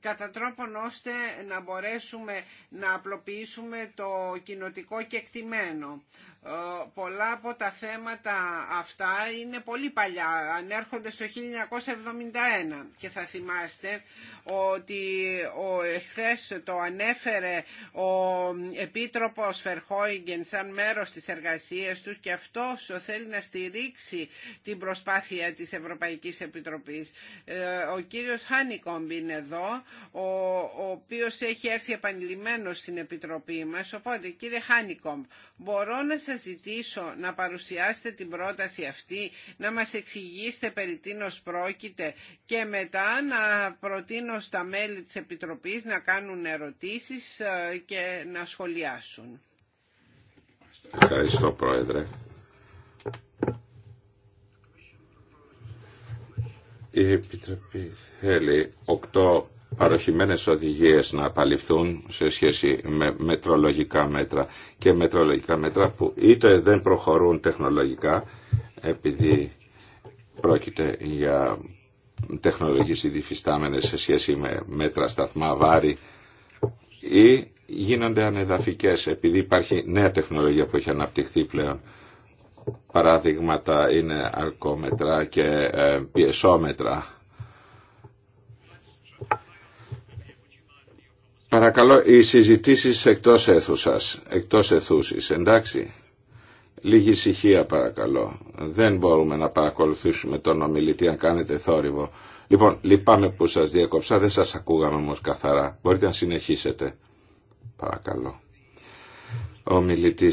κατά τρόπον ώστε να μπορέσουμε να απλοποιήσουμε το κοινοτικό κεκτημένο. Ε, πολλά από τα θέματα αυτά είναι πολύ παλιά, ανέρχονται στο 1971 και θα θυμάστε ότι ο εχθές το ανέφερε ο Επίτροπος Φερχόιγγεν σαν μέρος της εργασίας του και αυτός θέλει να στηρίξει την προσπάθεια της Ευρωπαϊκής Επιτροπής. Ε, ο κύριος Χάνικομπ είναι εδώ, ο, οποίος έχει έρθει επανειλημμένος στην Επιτροπή μας, οπότε κύριε Χάνικομπ, μπορώ να σας σας ζητήσω να παρουσιάσετε την πρόταση αυτή, να μας εξηγήσετε περί τίνος πρόκειται και μετά να προτείνω στα μέλη της Επιτροπής να κάνουν ερωτήσεις ε, και να σχολιάσουν. Ευχαριστώ Πρόεδρε. Η Επιτροπή θέλει οκτώ παροχημένες οδηγίες να απαλληφθούν σε σχέση με μετρολογικά μέτρα και μετρολογικά μέτρα που είτε δεν προχωρούν τεχνολογικά επειδή πρόκειται για τεχνολογίες ειδηφιστάμενες σε σχέση με μέτρα σταθμά βάρη ή γίνονται ανεδαφικές επειδή υπάρχει νέα τεχνολογία που έχει αναπτυχθεί πλέον. Παραδείγματα είναι αρκόμετρα και ε, πιεσόμετρα Παρακαλώ, οι συζητήσεις εκτός αίθουσας, εκτός αιθούσης, εντάξει. Λίγη ησυχία παρακαλώ. Δεν μπορούμε να παρακολουθήσουμε τον ομιλητή αν κάνετε θόρυβο. Λοιπόν, λυπάμαι που σας διέκοψα, δεν σας ακούγαμε όμω καθαρά. Μπορείτε να συνεχίσετε. Παρακαλώ. Ο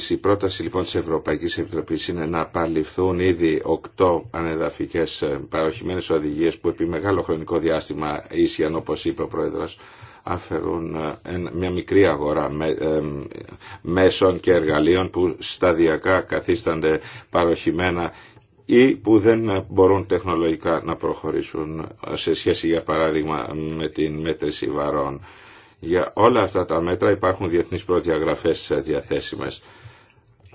η πρόταση λοιπόν της Ευρωπαϊκής Επιτροπής είναι να απαλληφθούν ήδη οκτώ ανεδαφικές ε, παροχημένες οδηγίες που επί μεγάλο χρονικό διάστημα ίσιαν όπω είπε ο Πρόεδρος αφαιρούν ε, μια μικρή αγορά ε, μέσων και εργαλείων που σταδιακά καθίστανται παροχημένα ή που δεν μπορούν τεχνολογικά να προχωρήσουν ε, σε σχέση για παράδειγμα με την μέτρηση βαρών. Για όλα αυτά τα μέτρα υπάρχουν διεθνείς προδιαγραφές διαθέσιμες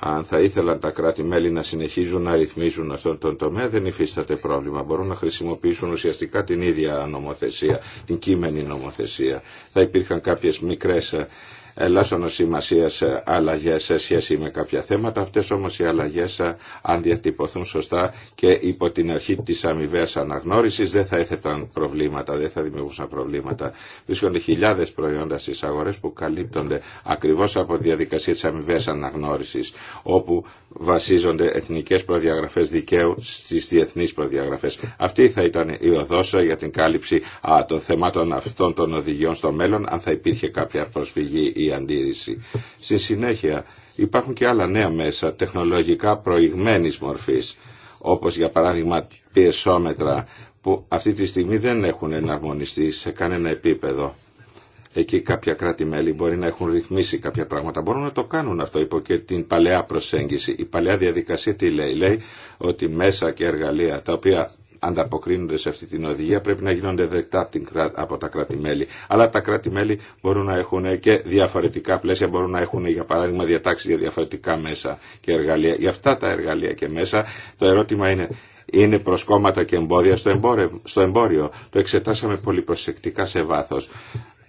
αν θα ήθελαν τα κράτη-μέλη να συνεχίζουν να ρυθμίζουν αυτόν τον τομέα, δεν υφίσταται πρόβλημα. Μπορούν να χρησιμοποιήσουν ουσιαστικά την ίδια νομοθεσία, την κείμενη νομοθεσία. Θα υπήρχαν κάποιες μικρές ε, ελάσσονο σημασία αλλαγέ σε σχέση με κάποια θέματα. Αυτέ όμω οι αλλαγέ, αν διατυπωθούν σωστά και υπό την αρχή τη αμοιβαία αναγνώριση, δεν θα έθεταν προβλήματα, δεν θα δημιουργούσαν προβλήματα. Βρίσκονται χιλιάδε προϊόντα στι αγορέ που καλύπτονται ακριβώ από τη διαδικασία τη αμοιβαία αναγνώριση, όπου βασίζονται εθνικέ προδιαγραφέ δικαίου στι διεθνεί προδιαγραφέ. Αυτή θα ήταν η οδό για την κάλυψη των θεμάτων αυτών των οδηγιών στο μέλλον, αν θα υπήρχε κάποια προσφυγή η αντίρρηση. Στη συνέχεια υπάρχουν και άλλα νέα μέσα τεχνολογικά προηγμένης μορφής όπως για παράδειγμα πιεσόμετρα που αυτή τη στιγμή δεν έχουν εναρμονιστεί σε κανένα επίπεδο. Εκεί κάποια κράτη-μέλη μπορεί να έχουν ρυθμίσει κάποια πράγματα. Μπορούν να το κάνουν αυτό υπό και την παλαιά προσέγγιση. Η παλαιά διαδικασία τι λέει. Λέει ότι μέσα και εργαλεία τα οποία ανταποκρίνονται σε αυτή την οδηγία πρέπει να γίνονται δεκτά από τα κράτη-μέλη. Αλλά τα κράτη-μέλη μπορούν να έχουν και διαφορετικά πλαίσια, μπορούν να έχουν για παράδειγμα διατάξει για διαφορετικά μέσα και εργαλεία. Για αυτά τα εργαλεία και μέσα το ερώτημα είναι είναι προσκόμματα και εμπόδια στο, εμπόρευ, στο εμπόριο. Το εξετάσαμε πολύ προσεκτικά σε βάθος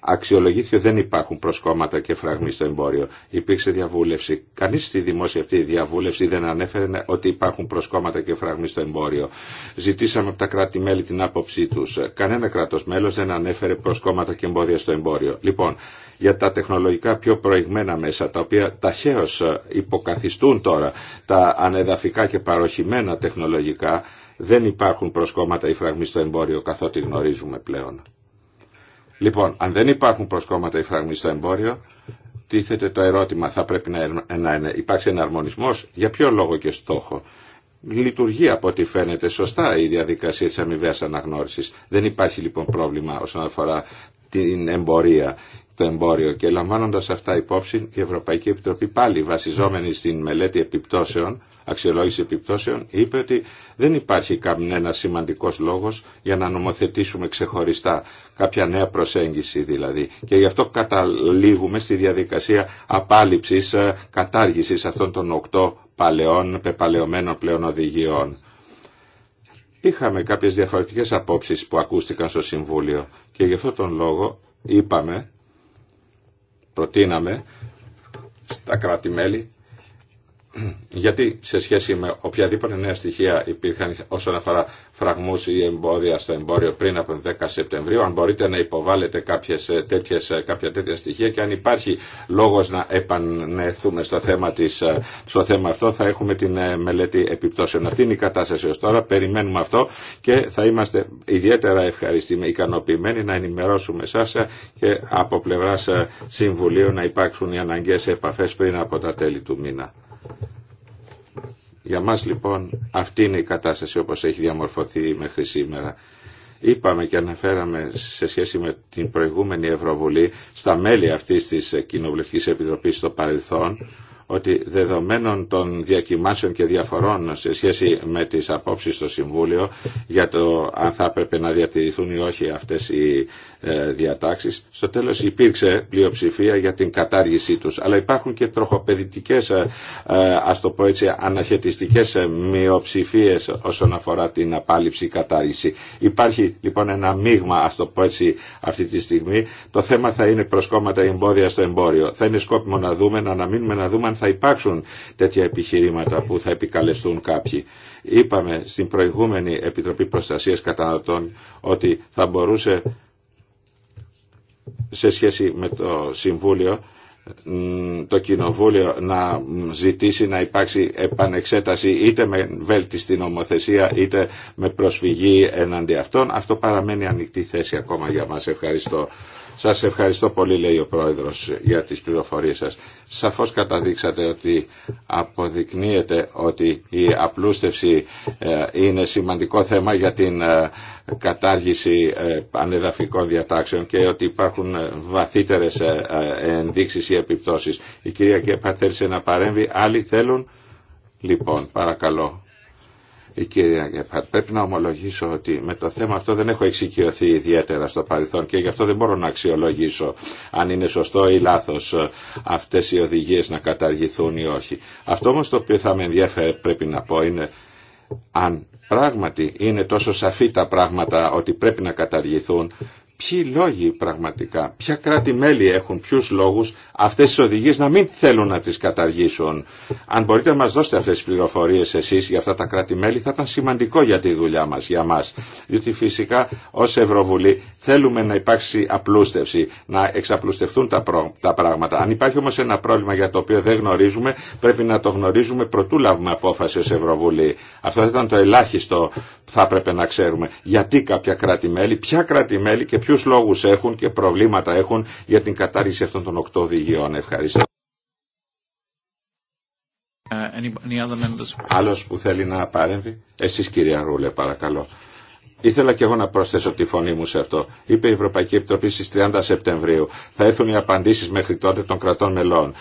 αξιολογήθηκε ότι δεν υπάρχουν προσκόμματα και φραγμοί στο εμπόριο. Υπήρξε διαβούλευση. Κανεί στη δημόσια αυτή διαβούλευση δεν ανέφερε ότι υπάρχουν προσκόμματα και φραγμοί στο εμπόριο. Ζητήσαμε από τα κράτη-μέλη την άποψή του. Κανένα κράτο μέλο δεν ανέφερε προσκόμματα και εμπόδια στο εμπόριο. Λοιπόν, για τα τεχνολογικά πιο προηγμένα μέσα, τα οποία ταχαίω υποκαθιστούν τώρα τα ανεδαφικά και παροχημένα τεχνολογικά, δεν υπάρχουν προσκόμματα ή φραγμοί στο εμπόριο καθότι γνωρίζουμε πλέον. Λοιπόν, αν δεν υπάρχουν προσκόμματα ή φραγμοί στο εμπόριο, τίθεται το ερώτημα, θα πρέπει να, να υπάρξει εναρμονισμός, για ποιο λόγο και στόχο. Λειτουργεί από ό,τι φαίνεται σωστά η διαδικασία τη αμοιβαία αναγνώρισης. Δεν υπάρχει λοιπόν πρόβλημα όσον αφορά την εμπορία το εμπόριο και λαμβάνοντας αυτά υπόψη η Ευρωπαϊκή Επιτροπή πάλι βασιζόμενη στην μελέτη επιπτώσεων, αξιολόγηση επιπτώσεων, είπε ότι δεν υπάρχει κανένα σημαντικός λόγος για να νομοθετήσουμε ξεχωριστά κάποια νέα προσέγγιση δηλαδή. Και γι' αυτό καταλήγουμε στη διαδικασία απάλληψης, ε, κατάργησης αυτών των οκτώ παλαιών, πεπαλαιωμένων πλέον οδηγιών. Είχαμε κάποιες διαφορετικές απόψει που ακούστηκαν στο Συμβούλιο και γι' αυτό τον λόγο είπαμε προτείναμε στα κράτη-μέλη γιατί σε σχέση με οποιαδήποτε νέα στοιχεία υπήρχαν όσον αφορά φραγμού ή εμπόδια στο εμπόριο πριν από τον 10 Σεπτεμβρίου, αν μπορείτε να υποβάλλετε κάποιες ε, τέτοιες, ε, κάποια τέτοια στοιχεία και αν υπάρχει λόγο να επανέλθουμε στο θέμα, ε, στο θέμα αυτό, θα έχουμε την μελέτη επιπτώσεων. Αυτή είναι η κατάσταση ω τώρα. Περιμένουμε αυτό και θα είμαστε ιδιαίτερα ευχαριστημένοι, ικανοποιημένοι να ενημερώσουμε εσά και από πλευρά Συμβουλίου να υπάρξουν οι αναγκαίε επαφέ πριν από τα τέλη του μήνα. Για μας λοιπόν αυτή είναι η κατάσταση όπως έχει διαμορφωθεί μέχρι σήμερα. Είπαμε και αναφέραμε σε σχέση με την προηγούμενη Ευρωβουλή στα μέλη αυτής της Κοινοβουλευτικής Επιτροπής στο παρελθόν ότι δεδομένων των διακοιμάσεων και διαφορών σε σχέση με τις απόψεις στο Συμβούλιο για το αν θα έπρεπε να διατηρηθούν ή όχι αυτές οι ε, διατάξεις, στο τέλος υπήρξε πλειοψηφία για την κατάργησή τους. Αλλά υπάρχουν και ε, ε, ας το πω έτσι, αναχαιτιστικές ε, μειοψηφίες όσον αφορά την απάλληψη κατάργηση. Υπάρχει λοιπόν ένα μείγμα, ας το πω έτσι, αυτή τη στιγμή. Το θέμα θα είναι προσκόμματα εμπόδια στο εμπόριο. Θα είναι σκόπιμο να δούμε, να αναμείνουμε να δούμε θα υπάρξουν τέτοια επιχειρήματα που θα επικαλεστούν κάποιοι. Είπαμε στην προηγούμενη Επιτροπή Προστασίας Καταναλωτών ότι θα μπορούσε σε σχέση με το Συμβούλιο το Κοινοβούλιο να ζητήσει να υπάρξει επανεξέταση είτε με βέλτιστη νομοθεσία είτε με προσφυγή εναντί αυτών. Αυτό παραμένει ανοιχτή θέση ακόμα για μας. Ευχαριστώ. Σας ευχαριστώ πολύ λέει ο Πρόεδρος για τις πληροφορίες σας. Σαφώς καταδείξατε ότι αποδεικνύεται ότι η απλούστευση ε, είναι σημαντικό θέμα για την ε, κατάργηση ε, ανεδαφικών διατάξεων και ότι υπάρχουν ε, βαθύτερες ε, ενδείξεις ή επιπτώσεις. Η κυρία Κέπα θέλησε να παρέμβει, άλλοι θέλουν. Λοιπόν, παρακαλώ. Η κυρία Γκέπαρτ, πρέπει να ομολογήσω ότι με το θέμα αυτό δεν έχω εξοικειωθεί ιδιαίτερα στο παρελθόν και γι' αυτό δεν μπορώ να αξιολογήσω αν είναι σωστό ή λάθο αυτέ οι οδηγίε να καταργηθούν ή όχι. Αυτό όμω το οποίο θα με ενδιαφέρει πρέπει να πω είναι αν Πράγματι είναι τόσο σαφή τα πράγματα ότι πρέπει να καταργηθούν ποιοι λόγοι πραγματικά, ποια κράτη-μέλη έχουν ποιους λόγους αυτές τις οδηγίες να μην θέλουν να τις καταργήσουν. Αν μπορείτε να μας δώσετε αυτές τις πληροφορίες εσείς για αυτά τα κράτη-μέλη θα ήταν σημαντικό για τη δουλειά μας, για μας. Διότι φυσικά ως Ευρωβουλή θέλουμε να υπάρξει απλούστευση, να εξαπλουστευτούν τα, τα πράγματα. Αν υπάρχει όμως ένα πρόβλημα για το οποίο δεν γνωρίζουμε, πρέπει να το γνωρίζουμε προτού λάβουμε απόφαση ως Ευρωβουλή. Αυτό θα ήταν το ελάχιστο που θα έπρεπε να ξέρουμε. Γιατί κάποια κράτη-μέλη, ποια κρατη και ποιο ποιου λόγου έχουν και προβλήματα έχουν για την κατάργηση αυτών των οκτώ οδηγιών. Ευχαριστώ. Uh, Άλλος που θέλει να παρέμβει. Εσείς κυρία Ρούλε παρακαλώ. Ήθελα και εγώ να προσθέσω τη φωνή μου σε αυτό. Είπε η Ευρωπαϊκή Επιτροπή στις 30 Σεπτεμβρίου. Θα έρθουν οι απαντήσεις μέχρι τότε των κρατών μελών.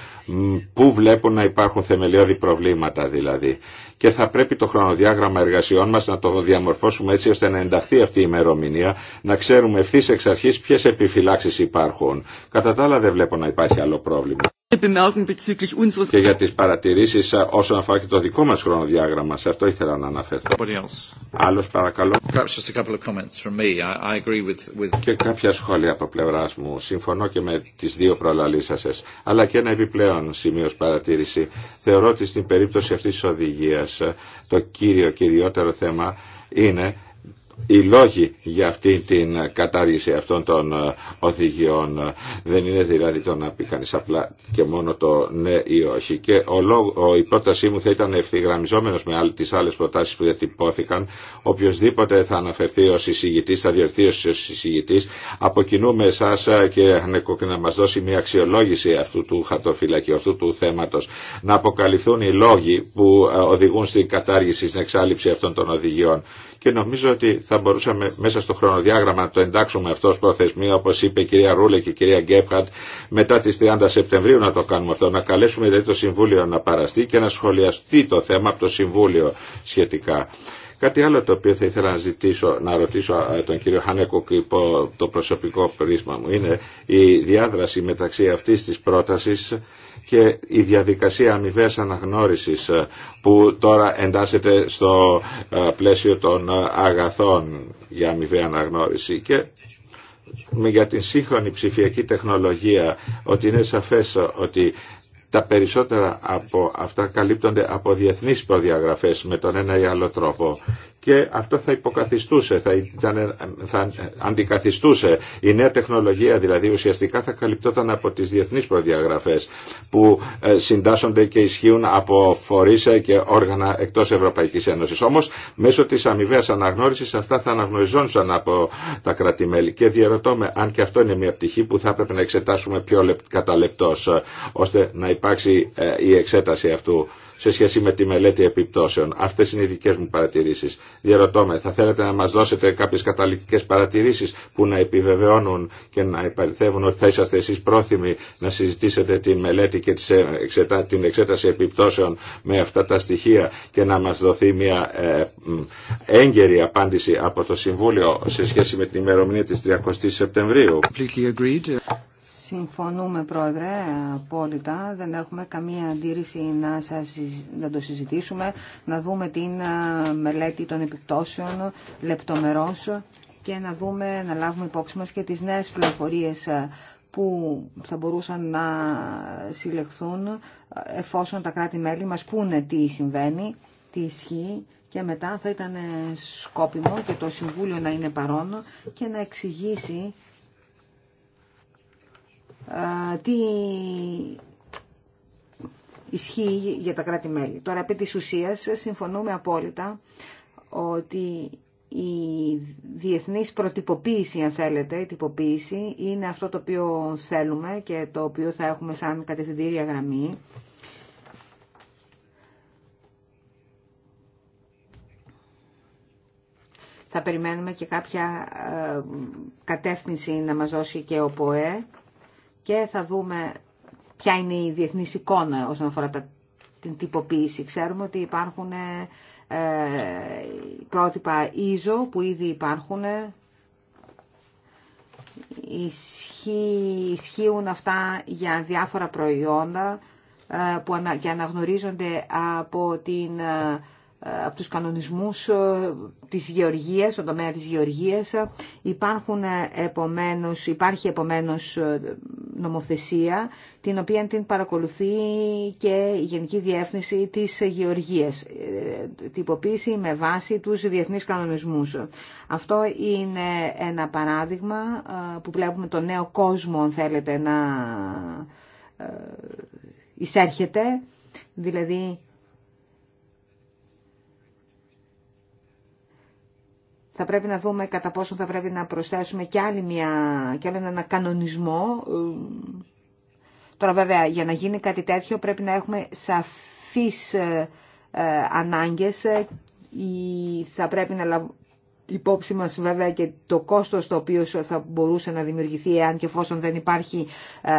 Πού βλέπουν να υπάρχουν θεμελιώδη προβλήματα δηλαδή. Και θα πρέπει το χρονοδιάγραμμα εργασιών μας να το διαμορφώσουμε έτσι ώστε να ενταχθεί αυτή η ημερομηνία, να ξέρουμε ευθύ εξ αρχής ποιες επιφυλάξεις υπάρχουν. Κατά τα άλλα δεν βλέπω να υπάρχει άλλο πρόβλημα. Και για τις παρατηρήσεις ε, όσον αφορά και το δικό μας χρονοδιάγραμμα, σε αυτό ήθελα να αναφερθώ. Άλλος παρακαλώ. Και κάποια σχόλια από πλευρά μου. Συμφωνώ και με τις δύο προλαλήσασες. Αλλά και ένα επιπλέον σημείο παρατήρηση. Θεωρώ ότι στην περίπτωση αυτής της οδηγίας ε, το κύριο κυριότερο θέμα είναι οι λόγοι για αυτή την κατάργηση αυτών των ε, οδηγιών δεν είναι δηλαδή το να πει κανείς απλά και μόνο το ναι ή όχι και ο, λόγο, η πρότασή μου θα ήταν ευθυγραμμιζόμενος με τις άλλες προτάσεις που διατυπώθηκαν οποιοδήποτε θα αναφερθεί ως εισηγητής, θα διορθεί ως εισηγητής αποκοινούμε εσάς ε, και να μας δώσει μια αξιολόγηση αυτού του χαρτοφυλακίου, αυτού του θέματος να αποκαλυφθούν οι λόγοι που ε, οδηγούν στην κατάργηση, στην εξάλληψη αυτών των οδηγιών και νομίζω ότι θα μπορούσαμε μέσα στο χρονοδιάγραμμα να το εντάξουμε αυτό ως προθεσμία, όπως είπε η κυρία Ρούλε και η κυρία Γκέπχαντ, μετά τις 30 Σεπτεμβρίου να το κάνουμε αυτό, να καλέσουμε δηλαδή το Συμβούλιο να παραστεί και να σχολιαστεί το θέμα από το Συμβούλιο σχετικά. Κάτι άλλο το οποίο θα ήθελα να ζητήσω, να ρωτήσω ε, τον κύριο Χάνεκο υπό το προσωπικό πρίσμα μου είναι η διάδραση μεταξύ αυτής της πρότασης και η διαδικασία αμοιβέ αναγνώρισης ε, που τώρα εντάσσεται στο ε, πλαίσιο των αγαθών για αμοιβή αναγνώριση και για την σύγχρονη ψηφιακή τεχνολογία ότι είναι σαφές ότι τα περισσότερα από αυτά καλύπτονται από διεθνείς προδιαγραφές με τον ένα ή άλλο τρόπο και αυτό θα υποκαθιστούσε, θα, ήταν, αντικαθιστούσε. Η νέα τεχνολογία δηλαδή ουσιαστικά θα καλυπτόταν από τις διεθνείς προδιαγραφές που ε, συντάσσονται και ισχύουν από φορείς ε, και όργανα εκτός Ευρωπαϊκής Ένωσης. Όμως μέσω της αμοιβαίας αναγνώρισης αυτά θα αναγνωριζόντουσαν από τα κρατημέλη και διαρωτώ με αν και αυτό είναι μια πτυχή που θα έπρεπε να εξετάσουμε πιο καταλεπτός ε, ώστε να υπάρξει η εξέταση αυτού σε σχέση με τη μελέτη επιπτώσεων. Αυτές είναι οι δικές μου παρατηρήσεις. Διαρωτώ με, θα θέλετε να μας δώσετε κάποιες καταληκτικές παρατηρήσεις που να επιβεβαιώνουν και να υπαριθεύουν ότι θα είσαστε εσείς πρόθυμοι να συζητήσετε τη μελέτη και την εξέταση επιπτώσεων με αυτά τα στοιχεία και να μας δοθεί μια ε, έγκαιρη απάντηση από το Συμβούλιο σε σχέση με την ημερομηνία της 30 Σεπτεμβρίου. Συμφωνούμε, Πρόεδρε, απόλυτα. Δεν έχουμε καμία αντίρρηση να, σας, να το συζητήσουμε, να δούμε την μελέτη των επιπτώσεων λεπτομερώς και να δούμε, να λάβουμε υπόψη μας και τις νέες πληροφορίες που θα μπορούσαν να συλλεχθούν εφόσον τα κράτη-μέλη μας πούνε τι συμβαίνει, τι ισχύει και μετά θα ήταν σκόπιμο και το Συμβούλιο να είναι παρόν και να εξηγήσει τι ισχύει για τα κράτη-μέλη. Τώρα, επί της ουσίας, συμφωνούμε απόλυτα ότι η διεθνής προτυποποίηση, αν θέλετε, η τυποποίηση, είναι αυτό το οποίο θέλουμε και το οποίο θα έχουμε σαν κατευθυντήρια γραμμή. Θα περιμένουμε και κάποια ε, κατεύθυνση να μας δώσει και ο ΠΟΕ και θα δούμε ποια είναι η διεθνή εικόνα όσον αφορά τα, την τυποποίηση. Ξέρουμε ότι υπάρχουν ε, ε πρότυπα ISO που ήδη υπάρχουν. ισχύουν αυτά για διάφορα προϊόντα ε, που ανα, και αναγνωρίζονται από την ε, από τους κανονισμούς ε, της γεωργίας, στον τομέα της γεωργίας. Υπάρχουν, ε, επομένως, υπάρχει επομένως ε, νομοθεσία την οποία την παρακολουθεί και η Γενική Διεύθυνση της Γεωργίας. Τυποποίηση με βάση τους διεθνείς κανονισμούς. Αυτό είναι ένα παράδειγμα που βλέπουμε τον νέο κόσμο, αν θέλετε, να εισέρχεται. Δηλαδή θα πρέπει να δούμε κατά πόσο θα πρέπει να προσθέσουμε και, άλλη μια, και άλλο ένα κανονισμό. Ε, τώρα βέβαια για να γίνει κάτι τέτοιο πρέπει να έχουμε σαφείς ε, ε, ανάγκες θα πρέπει να λάβουμε υπόψη μας βέβαια και το κόστος το οποίο θα μπορούσε να δημιουργηθεί εάν και εφόσον δεν υπάρχει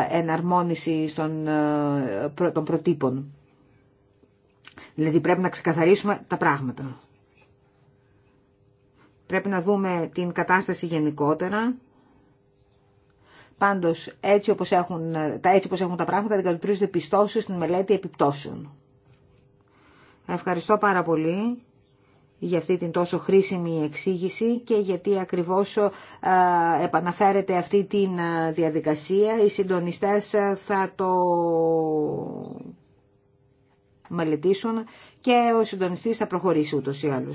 εναρμόνιση των προτύπων. Δηλαδή πρέπει να ξεκαθαρίσουμε τα πράγματα. Πρέπει να δούμε την κατάσταση γενικότερα. Πάντως, έτσι όπως έχουν τα, έτσι όπως έχουν τα πράγματα, πιστώσεις στην μελέτη επιπτώσεων. Ευχαριστώ πάρα πολύ για αυτή την τόσο χρήσιμη εξήγηση και γιατί ακριβώς ε, επαναφέρεται αυτή τη ε, διαδικασία. Οι συντονιστές ε, θα το μελετήσουν και ο συντονιστή θα προχωρήσει ούτω ή άλλω.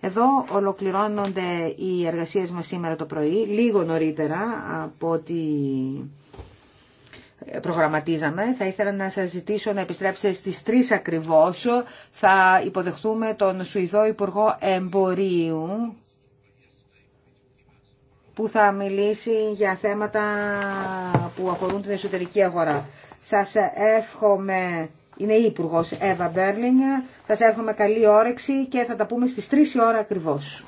Εδώ ολοκληρώνονται οι εργασίε μας σήμερα το πρωί, λίγο νωρίτερα από ότι προγραμματίζαμε. Θα ήθελα να σας ζητήσω να επιστρέψετε στις 3 ακριβώς. Θα υποδεχθούμε τον Σουηδό Υπουργό Εμπορίου που θα μιλήσει για θέματα που αφορούν την εσωτερική αγορά. Σας εύχομαι είναι η Υπουργός Εύα Μπέρλινγκ. Σας εύχομαι καλή όρεξη και θα τα πούμε στις 3 η ώρα ακριβώς.